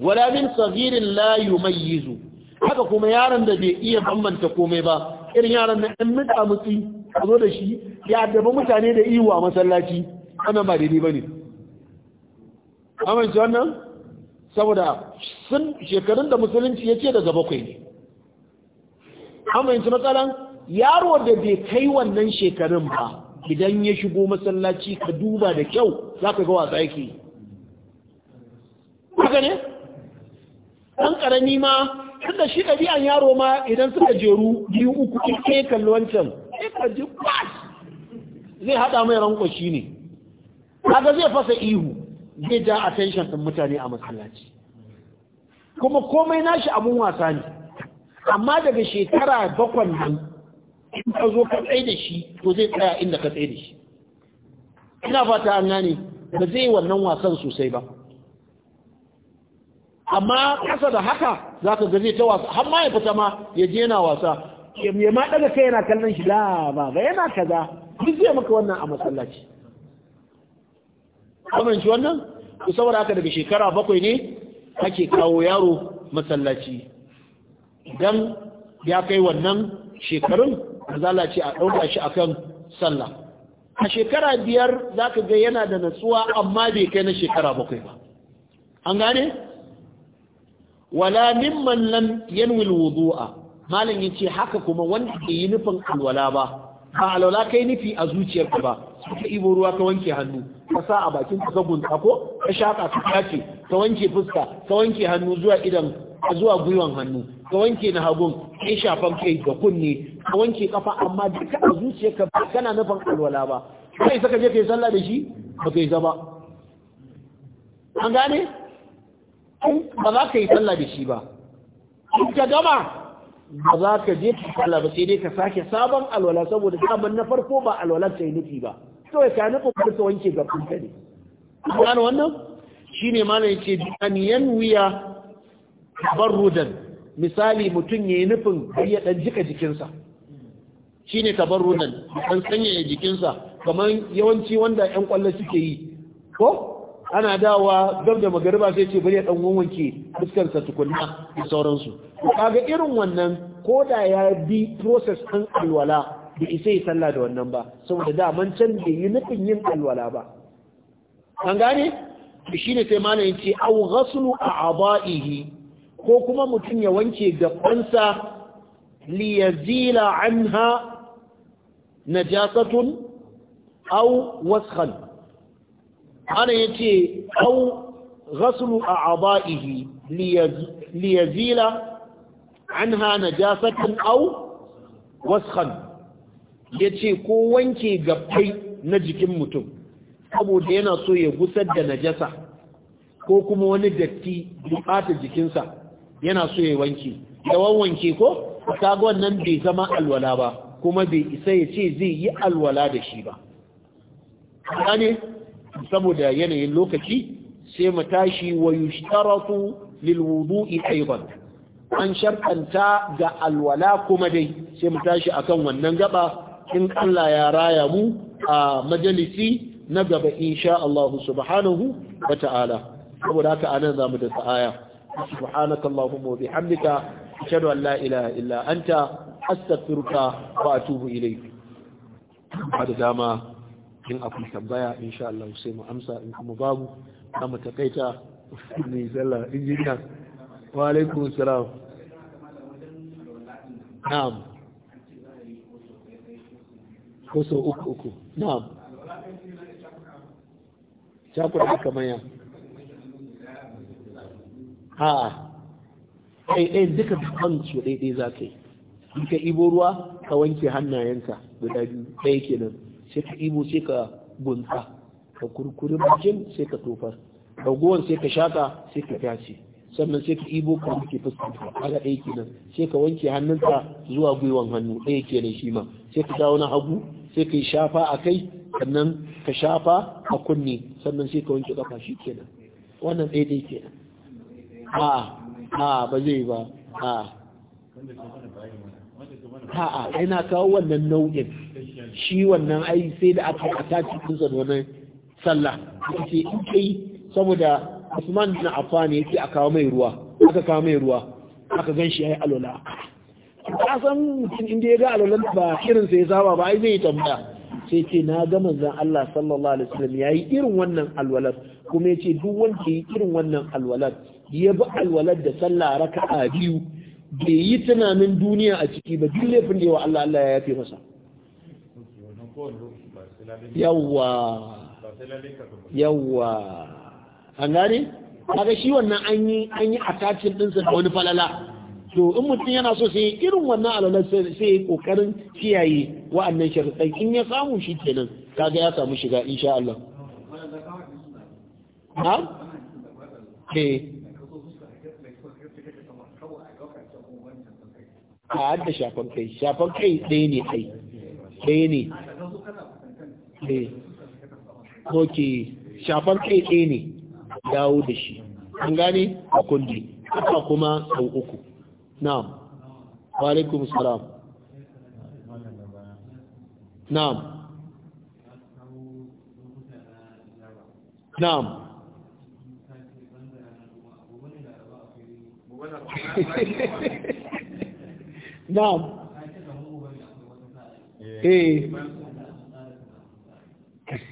wala min sagirin la yumayyizu haka kuma yaron da bai iya bambanta komai ba irin yaron na ɗan mutsa mutsi a da shi ya addaba mutane da iwa masallaci wannan ba daidai bane amince wannan saboda sun shekarun da musulunci ya ce daga bakwai ne amince matsalan yaro da bai kai wannan shekarun ba idan ya shigo masallaci ka duba da kyau za ka ga wasa yake haka ne ɗan ƙarami ma da shi ɗabi'an yaro ma idan suka jeru biyu uku in ke kalli wancan sai ka ji zai haɗa mai rankwashi ne haka zai fasa ihu zai ja attention ɗin mutane a masallaci kuma komai nashi abun wasa ne amma daga shekara bakwai nan in ka zo ka tsaye da shi to zai tsaya inda ka tsaye da shi ina fata an gane ba zai wannan wasan sosai ba amma ƙasa da haka za ka ga zai ta wasa har ma ya fita ma ya je yana wasa ya ma daga kai yana kallon shi la ba ba yana kaza duk zai maka wannan a masallaci kamar shi wannan ku saboda haka daga shekara bakwai ne ake kawo yaro masallaci Dan ya kai wannan shekarun manzala ce a ɗauka shi a kan sallah a shekara biyar za ka ga yana da natsuwa amma bai kai na shekara bakwai ba an gane wala mimman lam yanwil wudu'a malam ce haka kuma wanda ke yi nufin alwala ba ba alwala kai nufi a zuciyarka ba suka ibo ruwa ka wanke hannu ka sa a bakin ka sabon ko ka shaka ka tace ka wanke fuska ka wanke hannu zuwa idan zuwa gwiwan hannu ka wanke na hagun ka shafan kai da kunne ka wanke kafa amma duk a zuciyarka ba kana nufin alwala ba kai saka je kai sallah da shi ba kai zaba an gane ba za ka yi sallah da shi ba in ka gama ba za ka je ka sallah ba sai dai ka sake sabon alwala saboda sabon na farko ba alwala ta yi nufi ba kawai ka nufin kwarsa ta wanke ga kuka ne gano wannan Shi shine malam yake an yanwiya rudan, misali mutum ya yi nufin ya ɗan jika jikinsa Shi ne ka shine rudan, dan sanyaya jikinsa kamar yawanci wanda yan kwallo suke yi ko ana dawa gab da magariba sai ce bari ya ɗan wanke fuskarsa tukunna da sauransu kaga irin wannan ko da ya bi process ɗin alwala bai isa yi sallah da wannan ba saboda daman can bai yi nufin yin alwala ba an gane shi ne sai mana yace au ghaslu a'dahi ko kuma mutum ya wanke gabansa li yazila anha najasatun aw waskhan ana yace au ghaslu a'dahi li yazila anha najasatun aw waskhan ya ce ko wanke gabbai na jikin mutum saboda yana so ya gusar da najasa ko kuma wani datti bukata jikinsa yana so ya wanke yawan wanke ko kagon nan bai zama alwala ba kuma bai isa ya ce zai yi alwala da shi ba gane saboda yanayin lokaci sai mu tashi wa yushtaratu lil wudu'i aidan an shartanta ga alwala kuma dai sai mu tashi akan wannan gaba in Allah ya raya mu a majalisi na gaba insha Allah subhanahu wa ta'ala saboda haka anan zamu da sa'aya subhanaka allahumma wa bihamdika ashhadu an la ilaha illa anta astaghfiruka wa atubu ilayk da dama in akwai tambaya insha Allah sai mu amsa in kuma babu za mu takaita ne sallah injiniya wa alaikum salam na'am ko so uku uku na'am aka kamar ya a'a ɗai ɗai duka kan su daidai za ka yi in ka ibo ruwa ka wanke hannayenka guda biyu ɗaya kenan sai ka ibo sai ka gunta ka kurkuri bakin sai ka tofar ragowar sai ka shaka sai ka tashi sannan sai ka ibo ka wanke fuskanka kaga ɗaya kenan sai ka wanke hannunka zuwa gwiwan hannu ɗaya kenan shi ma sai ka dawo na hagu sai ka yi shafa a kai sannan ka shafa a kunne sannan sai ka wanke kafa shi kenan wannan dai kenan a a ba zai ba a a'a yana kawo wannan nau'in shi wannan ai sai da aka ataci cikin da wannan sallah ce in kai saboda Usman bin ya ce a kawo mai ruwa aka kawo mai ruwa aka ganshi yi alola. kasan san mutum inda ya ga alwalan ba irin sai ya saba ba ai zai tambaya sai ce na ga manzon Allah sallallahu alaihi wasallam yayi irin wannan alwalan kuma yace duk wanda yi irin wannan alwalan ya bi alwalan da sallah a biyu bai yi tunanin duniya a ciki ba duk laifin da yawa Allah Allah ya yafe masa yawwa yawwa an gane kaga shi wannan an yi an yi ɗinsa da wani falala to in mutum yana so sai irin wannan alalar sai ya kokarin kiyaye wa'annan sharuɗai in ya samu shi kenan kaga ya samu shiga insha Allah ha ke eh. a hadda shafan kai shafan kai ɗaya ne ai ɗaya ne eh. ke shafan kai ɗaya ne dawo da shi an gane a kundi kuma sau uku na'am wa alaikum salam na'am na'am na'am eh.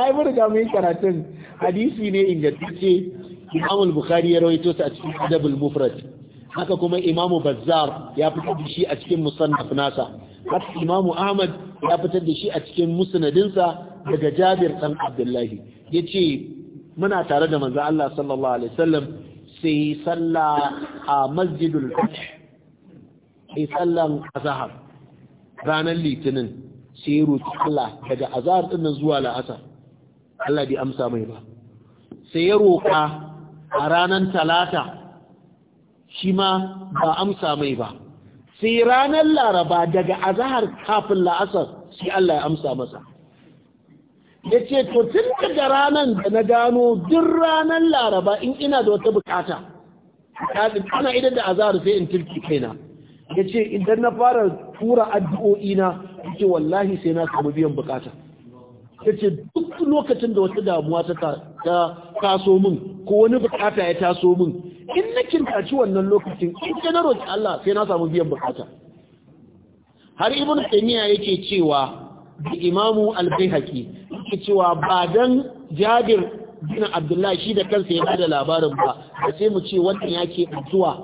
ai mun riga mun karatun hadisi ne ingantacce Imam al-Bukhari ya rawaito sa a cikin Adab al-Mufrad haka kuma imamu bazzar ya fitar da shi a cikin musannaf nasa haka imamu ahmad ya fitar da shi a cikin musnadinsa daga jabir dan abdullahi yace muna tare da manzo Allah sallallahu alaihi wasallam sai salla a masjidul fath sai sallan azhar ranar litinin sai roki Allah daga azhar din zuwa la'asar Allah bai amsa mai ba sai ya roka a ranar talata shi ma ba amsa mai ba sai ranar laraba daga azahar kafin la'asar shi Allah ya amsa masa ya ce to tun daga ranar da na gano duk ranar laraba in ina da wata bukata ana idan da azahar sai in turki kaina ya ce idan na fara tura addu'o'ina ya ce wallahi sai na samu biyan bukata yace duk lokacin da wata damuwa ta taso min ko wani bukata ya taso min in na kintaci wannan lokacin in ka na roƙi Allah sai na samu biyan bukata har ibn ya yake cewa da imamu al haƙi yake cewa ba don jabir gina abdullahi shi da kansa ya bada labarin ba sai mu ce wannan yake zuwa,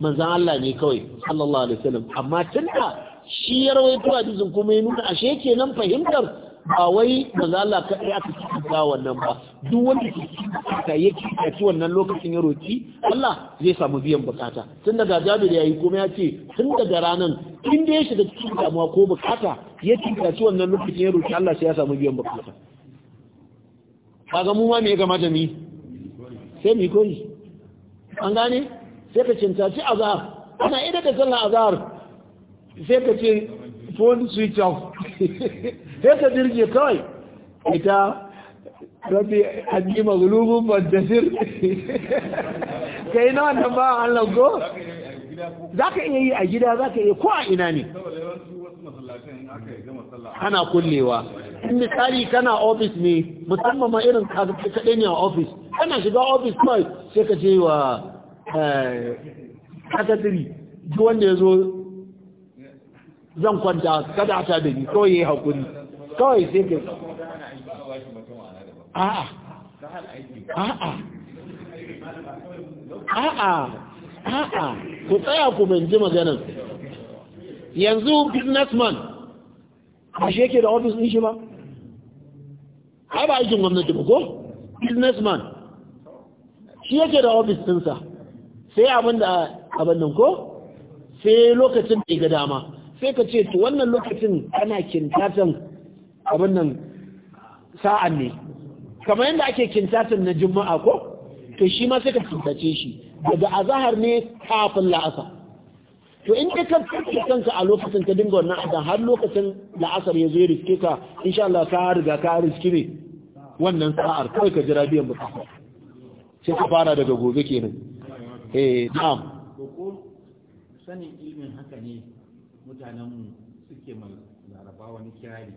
manzan Allah ne kawai sallallahu alaihi wasallam amma tunda shi ya rawaito dizin kuma ya nuna ashe kenan fahimtar ba wai manzo Allah kaɗai aka da wannan ba duk wanda ke kika yake kaci wannan lokacin ya roki Allah zai samu biyan bukata tun daga Jabir yayi kuma ya ce tun daga ranan in da ya shiga cikin damuwa ko bukata ya kaci wannan lokacin ya roki Allah sai ya samu biyan bukata ga mu ma me ya kamata ni sai mu koyi an gane sai ka cintaci azhar ana ida da sallar azhar sai ka ce phone switch off sai ta dirge kawai ita rabi an yi maglubun bantasir ka yi na wannan ba an go za ka iya yi a gida za ka iya ko a ina ne ana kullewa in misali kana ofis ne musamman ma irin kaɗai ne a ofis kana shiga ofis kawai sai ka ce wa eh, kasatiri duk wanda ya zo zan kwanta kada ta da ni kawai ya yi haƙuri kawai sai ke a'a a'a a'a a'a ku tsaya ku banji maganin yanzu businessman a shi yake da ofis ɗin shi ba ai ba aikin gwamnati ba ko businessman shi yake da ofis ɗinsa sai abin da abin ko sai lokacin da ga dama sai ka ce wannan lokacin ana kintatan abin nan sa'an ne kamar yadda ake kintatin na juma'a ko to shi ma sai ka kintace shi daga azahar ne kafin la'asar to in ka kankace kanka a lokacin ka dinga wannan adan har lokacin la'asar ya zo ya riske ka insha Allah ka riga ka riske ne wannan sa'ar kai ka jira biyan bukata sai ka fara daga gobe kenan eh na'am ko sanin ilimin haka ne mutanenmu suke mai laraba wani kyari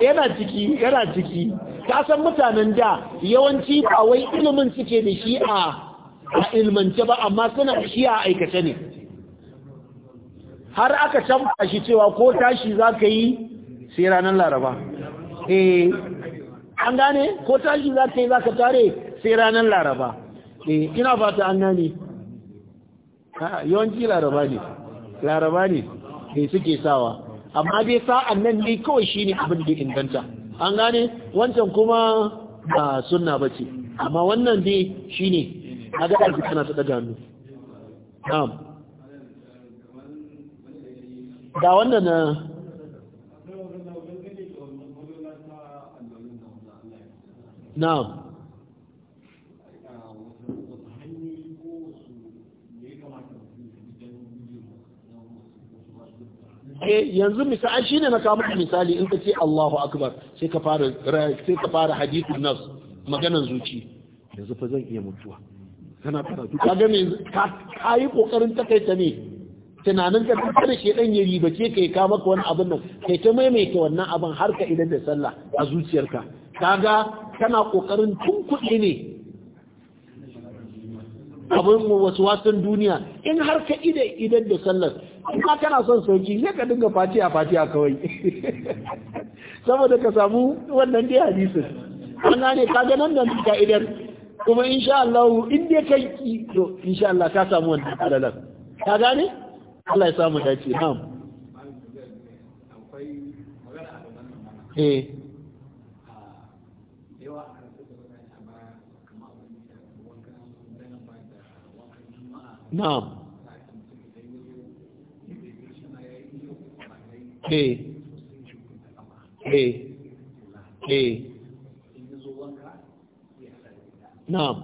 yana ciki yana ciki ka san mutanen da yawanci ba wai ilimin suke da shi a ilmance ba amma suna da shi a aikace ne har aka canfa shi cewa ko tashi za ka yi sai ranar laraba eh an gane ko tashi za ka yi za ka tare sai ranar laraba eh ina fata an gane yawanci laraba ne laraba ne ne suke sawa amma dai sa'an nan ne kawai shine abin da inganta an gane wancan kuma ba sunna bace amma wannan dai shine ga alfi tana ta ɗaga hannu na'am ga wannan na na'am Eh, yanzu misali shi ne na kawo misali in ka ce Allahu akbar sai ka fara sai ka fara nas maganan zuci yanzu fa zan iya mutuwa kana karatu ka ga me ka yi kokarin ta ne tunanin ka da shi dan ba ribace kai ka maka wani abin nan kai ta maimaita wannan abin har ka idan da sallah a zuciyarka kaga kana kokarin tunkuɗe ne abin wasu wasan duniya in har ka ida idan da sallar kuma kana son sauki sai ka dinga fatiya fatiya kawai saboda ka samu wannan dai hadisi wannan ne ka ga nan da ka idan kuma insha Allah in dai kai to insha Allah ka samu wannan alalan ka gane Allah ya samu dace na'am eh na'am eh eh eh na'am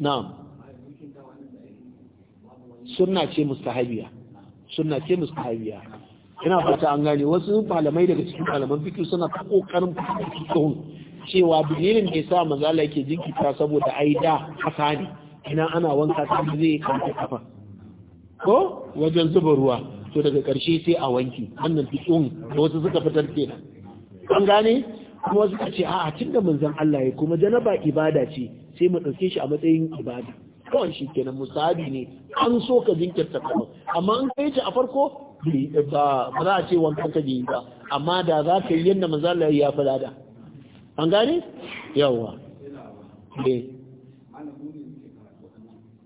na'am sunna ce mustahabiya sunna ce mustahabiya ina fata an gane wasu malamai daga cikin malaman fiqh suna ta kokarin cewa dalilin da yasa manzo Allah yake jinkita saboda aida kasa ne ina ana wanka ta zai kanta kafa ko wajen zuba ruwa to daga ƙarshe sai a wanki wannan fiƙin da wasu suka fitar ke an gane kuma ka ce a tun da manzan Allah ya kuma janaba ibada ce sai mu ɗauke shi a matsayin ibada kawai shi kenan musabi ne an so ka jinkirta kawai amma an kai ta a farko ba za a ce wankan ka bai ba amma da za ka yi yadda manzan Allah ya fi lada an gane yawa eh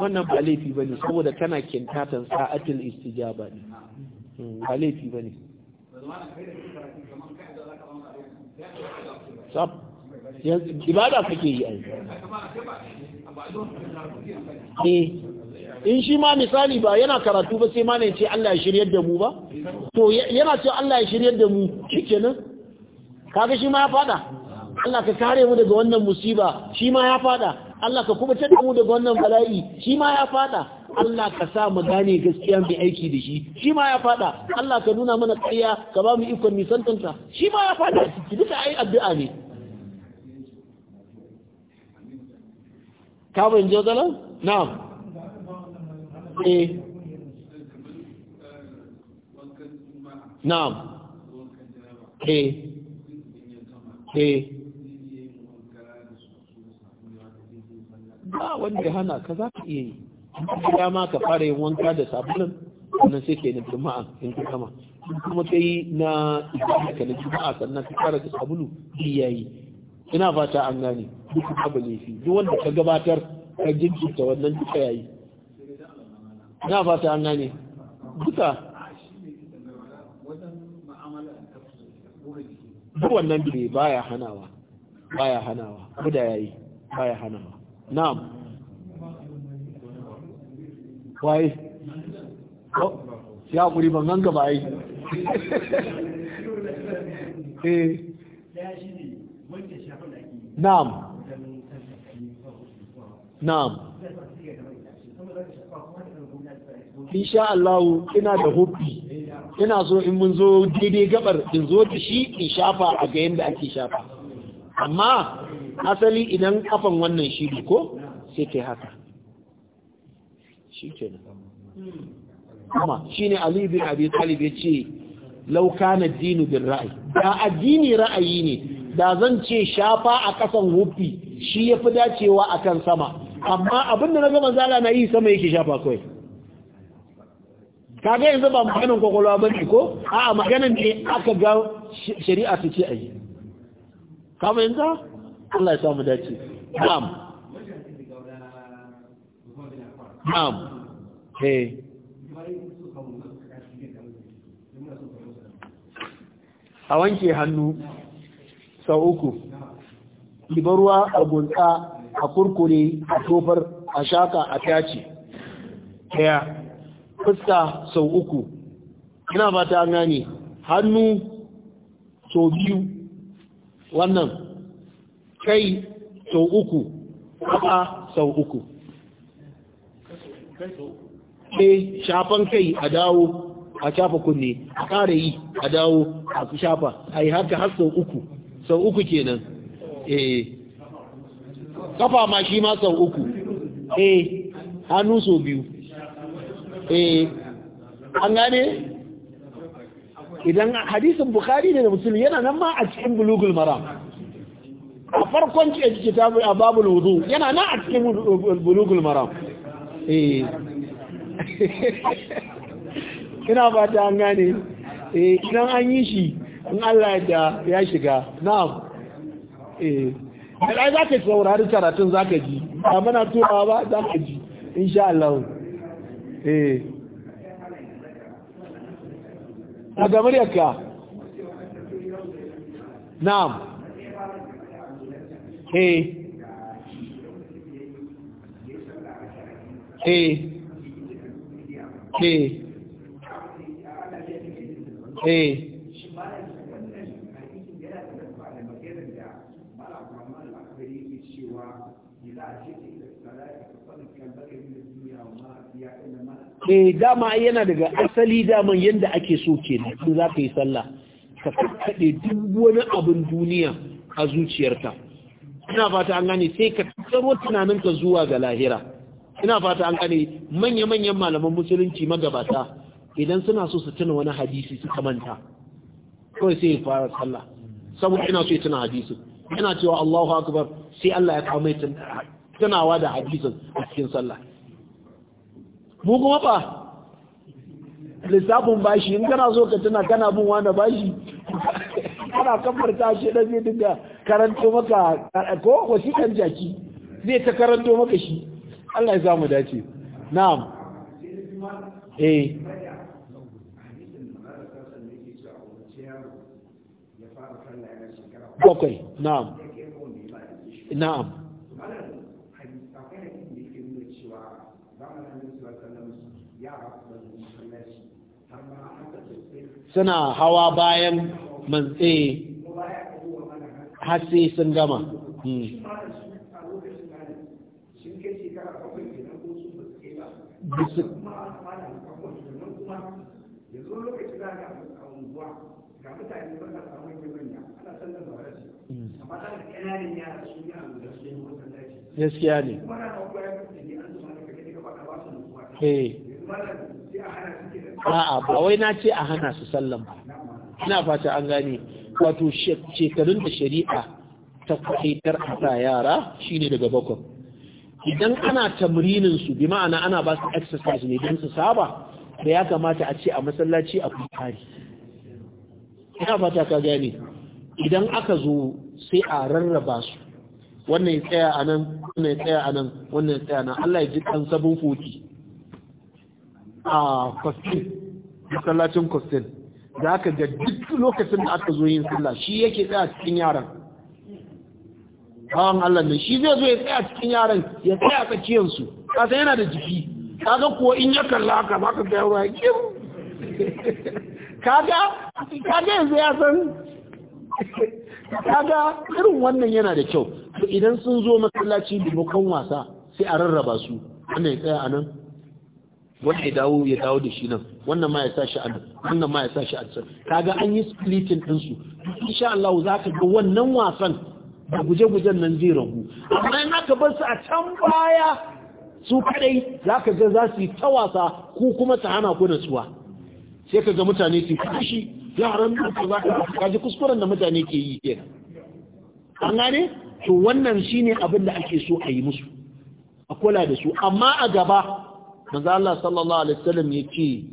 wannan ba laifi bane saboda kana kintatan sa'atul istijaba ne hmm, ba laifi bane ne. ibada kake yi ai eh, in shi ma misali ba yana karatu ba sai ma ne ce Allah ya shiryar da mu ba to yana ce Allah ya shiryar da mu shikenan kaga shi ma ya fada Allah ka kare mu daga wannan musiba shi ma ya fada Allah ka kuma tada mu daga wannan bala'i shi ma ya fada Allah ka sa mu gane gaskiya mai aiki da shi shi ma ya fada Allah ka nuna mana tsaya ka ba mu ikon nisantanta shi ma ya fada duka ai addu'a ne ka ban jo zala na'am eh na'am eh eh ba wanda ya hana ka za ka iya yi Ya dama ka fara yin wanka da sabulun sannan sai ka yi na juma'a in ka kama kuma ka yi na ibada ka na juma'a sannan ka fara da sabulu ya yi ina fata an gane duk babu laifi duk wanda ka gabatar ka jinkirta wannan duka yi. ina fata an gane duka duk wannan bire baya hanawa baya hanawa ko da yayi baya hanawa na'am waye oh, ya kuri ban ganga ba ai eh na'am na'am insha Allah ina da hubbi ina so in mun zo daidai gabar in zo da shi in shafa a ga yadda ake shafa amma asali idan kafan wannan shi ko sai ta haka shi ke kuma shi ne Ali abin Talib ya ce lauka na dinu bin ra'ayi da addini ra'ayi ne da zan ce shafa a kasan hufi shi ya fi dacewa a kan sama amma abinda na gama zala na yi sama yake shafa kawai kaga yanzu ba maganin kwakwalwa ba ne ko a maganin ne aka ga shari'a su ce a yi yin za Allah ya samu dace na'am na'am he. Eh. a wanke hannu sau uku ɗiba ruwa a gunta a kurkure a tofar a shaka a tace ɗaya fuska sau uku ina ba ta gane hannu sau biyu wannan kai sau uku kafa sau uku e shafan kai a dawo a shafa kunne a ƙara yi a dawo a shafa a yi haka har sau uku sau uku kenan e kafa ma shi ma sau uku e hannu sau biyu e an gane idan hadisin bukhari da musul yana nan ma a cikin bulugul maram a farkon kitabu a babul wudu yana nan a cikin bulugul maram eh ina ba ta an gane eh idan an yi shi in Allah da ya shiga na'am eh ai za ka saurari karatun za ka ji ba na tura ba zaka ji insha Allah eh na ga muryarka na'am eh eh eh eh eh dama yana daga asali daman yanda ake so kenan in za ka yi sallah ka kaɗe duk wani abin duniya a zuciyarka ina fata an gane sai ka tsaro tunaninka zuwa ga lahira ina fata an gane manya-manyan malaman musulunci magabata idan suna so su tuna wani hadisi su kamanta kawai sai ya fara sallah saboda ina so ya tuna hadisi yana cewa Allahu akbar sai Allah ya kawo mai tunawa da hadisin a cikin sallah mu kuma ba lissafin bashi in kana so ka tuna kana bin wani bashi kana ta shi da zai dinga karanto maka ko kan jaki zai ta karanto maka shi Allah ya mu dace na'am eh bakwai na'am na'am suna hawa bayan har hasi sun gama hmm. Hmm. gaskiya ne a'a ba wai na ce a hana su sallan ba ina fata an gane wato shekarun da shari'a ta kwaitar a sa yara shine daga bakwai idan ana tamrinin su bi ma'ana ana ba su exercise ne don su saba da ya kamata a ce a masallaci a kare ina fata ka gane idan aka zo sai a rarraba su wannan ya tsaya a nan wannan ya tsaya a nan wannan ya tsaya a nan Allah ya ji kan sabon foki a kwastin masallacin kwastin da aka ga duk lokacin da aka zo yin sallah shi yake tsaya cikin yaran bawan Allah ne shi zai zo ya tsaya cikin yaran ya tsaya tsakiyarsu kasa yana da jiki ga kuwa in ya kalla haka baka ga yaro ya kaga kaga yanzu ya san kaga irin wannan yana da kyau idan sun zo masallaci dubukan wasa sai a rarraba su wannan ya tsaya anan wanda ya dawo ya dawo da shi nan wannan ma ya sa shi a wannan ma ya sa shi a can kaga an yi splitting din su insha Allah za ka ga wannan wasan da guje-gujen nan zai ragu amma in aka bar su a can baya su kadai za ka ga za su yi ta wasa ko kuma ta hana ku natsuwa sai ka ga mutane su kashi yaran da za ka ji kuskuren da mutane ke yi ke an gane to wannan shine abin da ake so a yi musu a kula da su amma a gaba manzo Allah sallallahu alaihi wasallam yake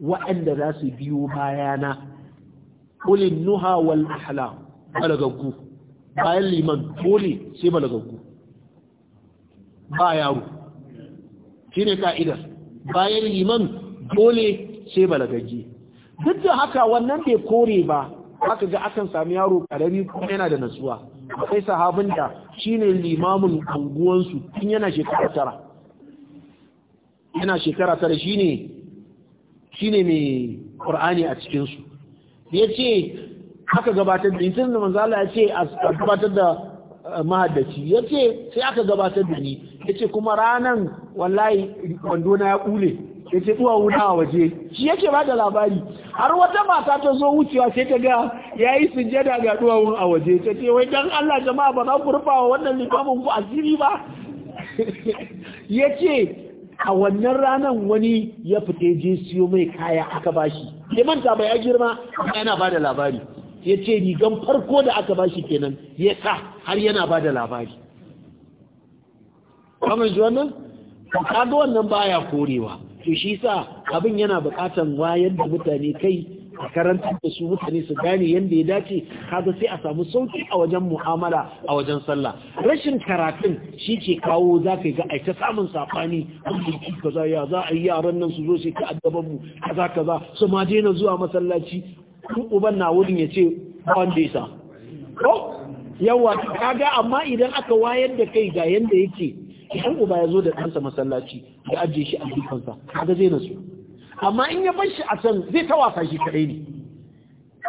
wa'anda za su biyo bayana ulin nuha wal ahla balagaggu bayan liman dole sai balagaggu ba yaro shine ka'idar bayan liman dole sai balagaggi duk da haka wannan bai kore ba haka ga akan sami yaro karami kuma yana da nasuwa akwai sahabin da shine limamin anguwansu tun yana shekara tara yana shekara tara shine ne mai qur'ani a cikinsu. Ya ce aka gabatar da intanin da manzala ya ce a gabatar da eh, mahaddaci Ya ce sai aka gabatar da ni Ya ce kuma ranar wallahi wando na ya ƙule. ce yace uwa wuna waje shi yake ba da labari har wata mata ta zo wucewa sai ta ga yi sujjada ga duwawun a waje ta ce wai dan Allah jama'a ba za ku wa wannan limamin ku asiri ba Ya ce. a wannan ranar wani ya fita je siyo mai kaya aka bashi ya manta bai ya girma yana ba da labari ya ce rigan farko da aka bashi kenan ya sa har yana ba da labari kamar ji wannan kaga wannan baya korewa to shi sa abin yana bukatan wayan da mutane kai a karanta da su mutane su gane yadda ya dace kaga sai a samu sauki a wajen mu'amala a wajen sallah rashin karatun shi ke kawo za ka ga aita samun safani kaza ya za a yi yaran nan su zo shi ka addaban mu kaza kaza su ma daina zuwa masallaci uban na wurin ya ce wanda ya sa ko yawa kaga amma idan aka wayar da kai ga yanda yake yan uba ya zo da ɗansa masallaci ya ajiye shi a dukansa kaga zai so amma in ya bar shi a can zai ta wasa shi kadai ne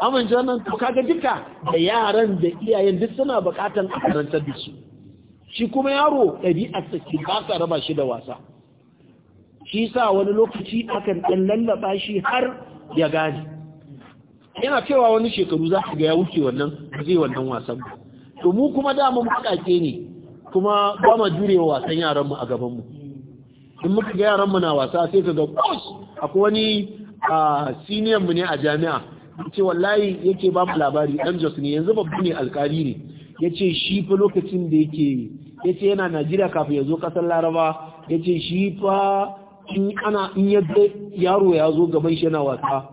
amince wannan to kaga duka da yaran da iyayen duk suna bukatan a karantar da su shi kuma yaro ɗabi'ar ta ke ba sa raba shi da wasa shi sa wani lokaci akan ɗan lallaba shi har ya gane yana cewa wani shekaru za ga ya wuce wannan zai wannan wasan to mu kuma dama mu ne kuma ba mu wa wasan yaranmu a gabanmu in muka ga yaran mu na wasa sai ka ga kus akwai wani senior mu ne a jami'a ce wallahi yake ba mu labari dan Jos ne yanzu babba ne alkali ne yace shi fa lokacin da yake yace yana Najeriya kafin ya zo kasar Laraba yace shi fa in ana in yadda yaro ya zo gaban shi yana wasa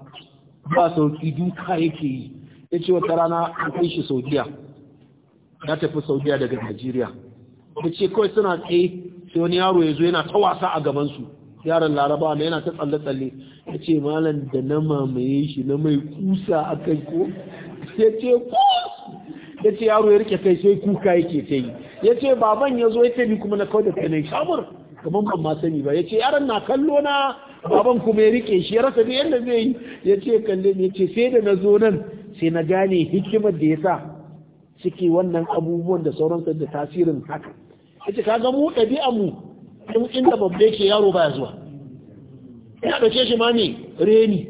ba sauki duka yake yi yace wata rana an kai shi Saudiya ya tafi Saudiya daga Najeriya yace kawai suna tsaye sai wani yaro ya zo yana ta wasa a gaban su yaron laraba na yana ta tsalle-tsalle ya ce malam da na mamaye shi na mai kusa a kai ko ya ce ya ce yaro ya rike kai sai kuka yake ta yi ya ce baban ya zo ya ce ni kuma na kawai da kai na shamur kamar ban ma sani ba ya ce yaron na kallo na baban kuma ya rike shi ya rasa ne yadda zai yi ya ce kalle ya ce sai da na zo nan sai na gane hikimar da ya sa suke wannan abubuwan da sauransu da tasirin haka Ka ka mu ɗabi'a mu in inda babba yake yaro baya zuwa ina ɗauke shi ma ne reni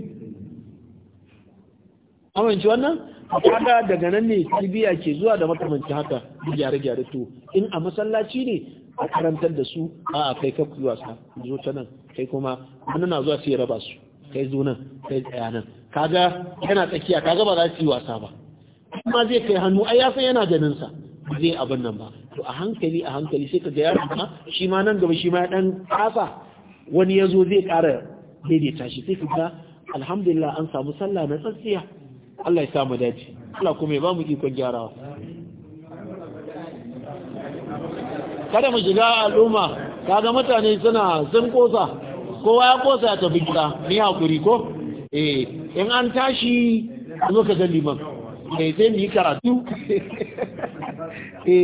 amince wannan kaga daga nan ne tarbiya ke zuwa da makamanci haka gyare gyare to in a masallaci ne a karantar da su a kai ka kuyi wasa zo ta nan kai kuma wani na zuwa sai raba su kai zo nan kai tsaya nan kaga yana tsakiya kaga ba za su yi wasa ba kuma zai kai hannu ai ya yana ganin sa zai abin nan ba to a hankali a hankali sai ka ga yaron shi ma nan gaba shi ma dan kasa wani yazo zai ƙara daidaita shi sai ka ga alhamdulillah an samu sallah na tsatsiya Allah ya sa mu dace Allah kuma ya ba mu ikon gyarawa kada mu shiga al'umma kaga mutane suna sun kosa kowa ya kosa ya tafi gida ni hakuri ko eh in an tashi zo ka ga liman mai eh, zai karatu e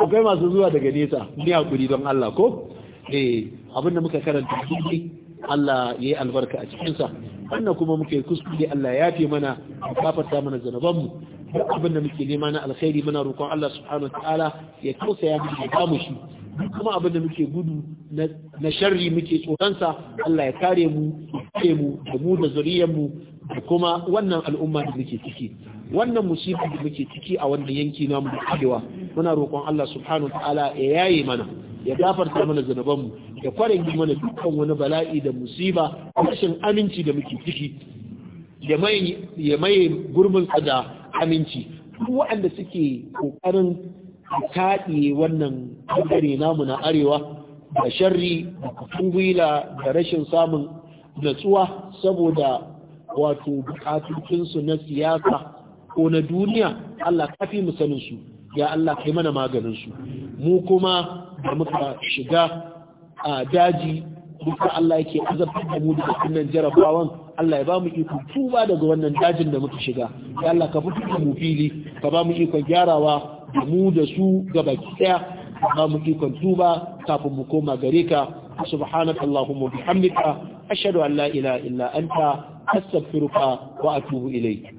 akwai masu zuwa daga nesa ni hakuri don Allah ko eh abinda muka karanta shi Allah ya yi albarka a cikinsa wannan kuma muka yi kuskure Allah ya fi mana kafarta mana zanabanmu duk abin da muke nema na alkhairi mana roƙon Allah subhanahu ta'ala ya tausaya ya muke kamu shi kuma abin da muke gudu na sharri muke tsoronsa Allah ya kare mu ya kare mu da mu da zuriyar mu da kuma wannan al'umma da muke ciki wannan musibar da muke ciki a wannan yanki namu da arewa muna roƙon Allah subhanahu ta'ala ya yaye mana ya gafarta mana mu ya mu mana dukkan wani bala'i da musiba rashin aminci da muke ciki ya maye gurbin kada aminci duk waɗanda suke ƙoƙarin taɗe wannan ɓangare namu na arewa da sharri da da rashin samun natsuwa saboda wato bukatunsu na siyasa ko na duniya Allah ka fi mu su ya Allah kai mana maganin su mu kuma da muka shiga a daji duka Allah yake azabtar da mu daga wannan jarabawan Allah ya ba mu iko tuba daga wannan dajin da muka shiga ya Allah ka fito da mu fili ka ba mu ikon gyarawa da mu da su gaba daya ka ba mu iko tuba kafin mu koma gare ka subhanaka allahumma bihamdika ashhadu an la ilaha illa anta astaghfiruka wa atubu ilayk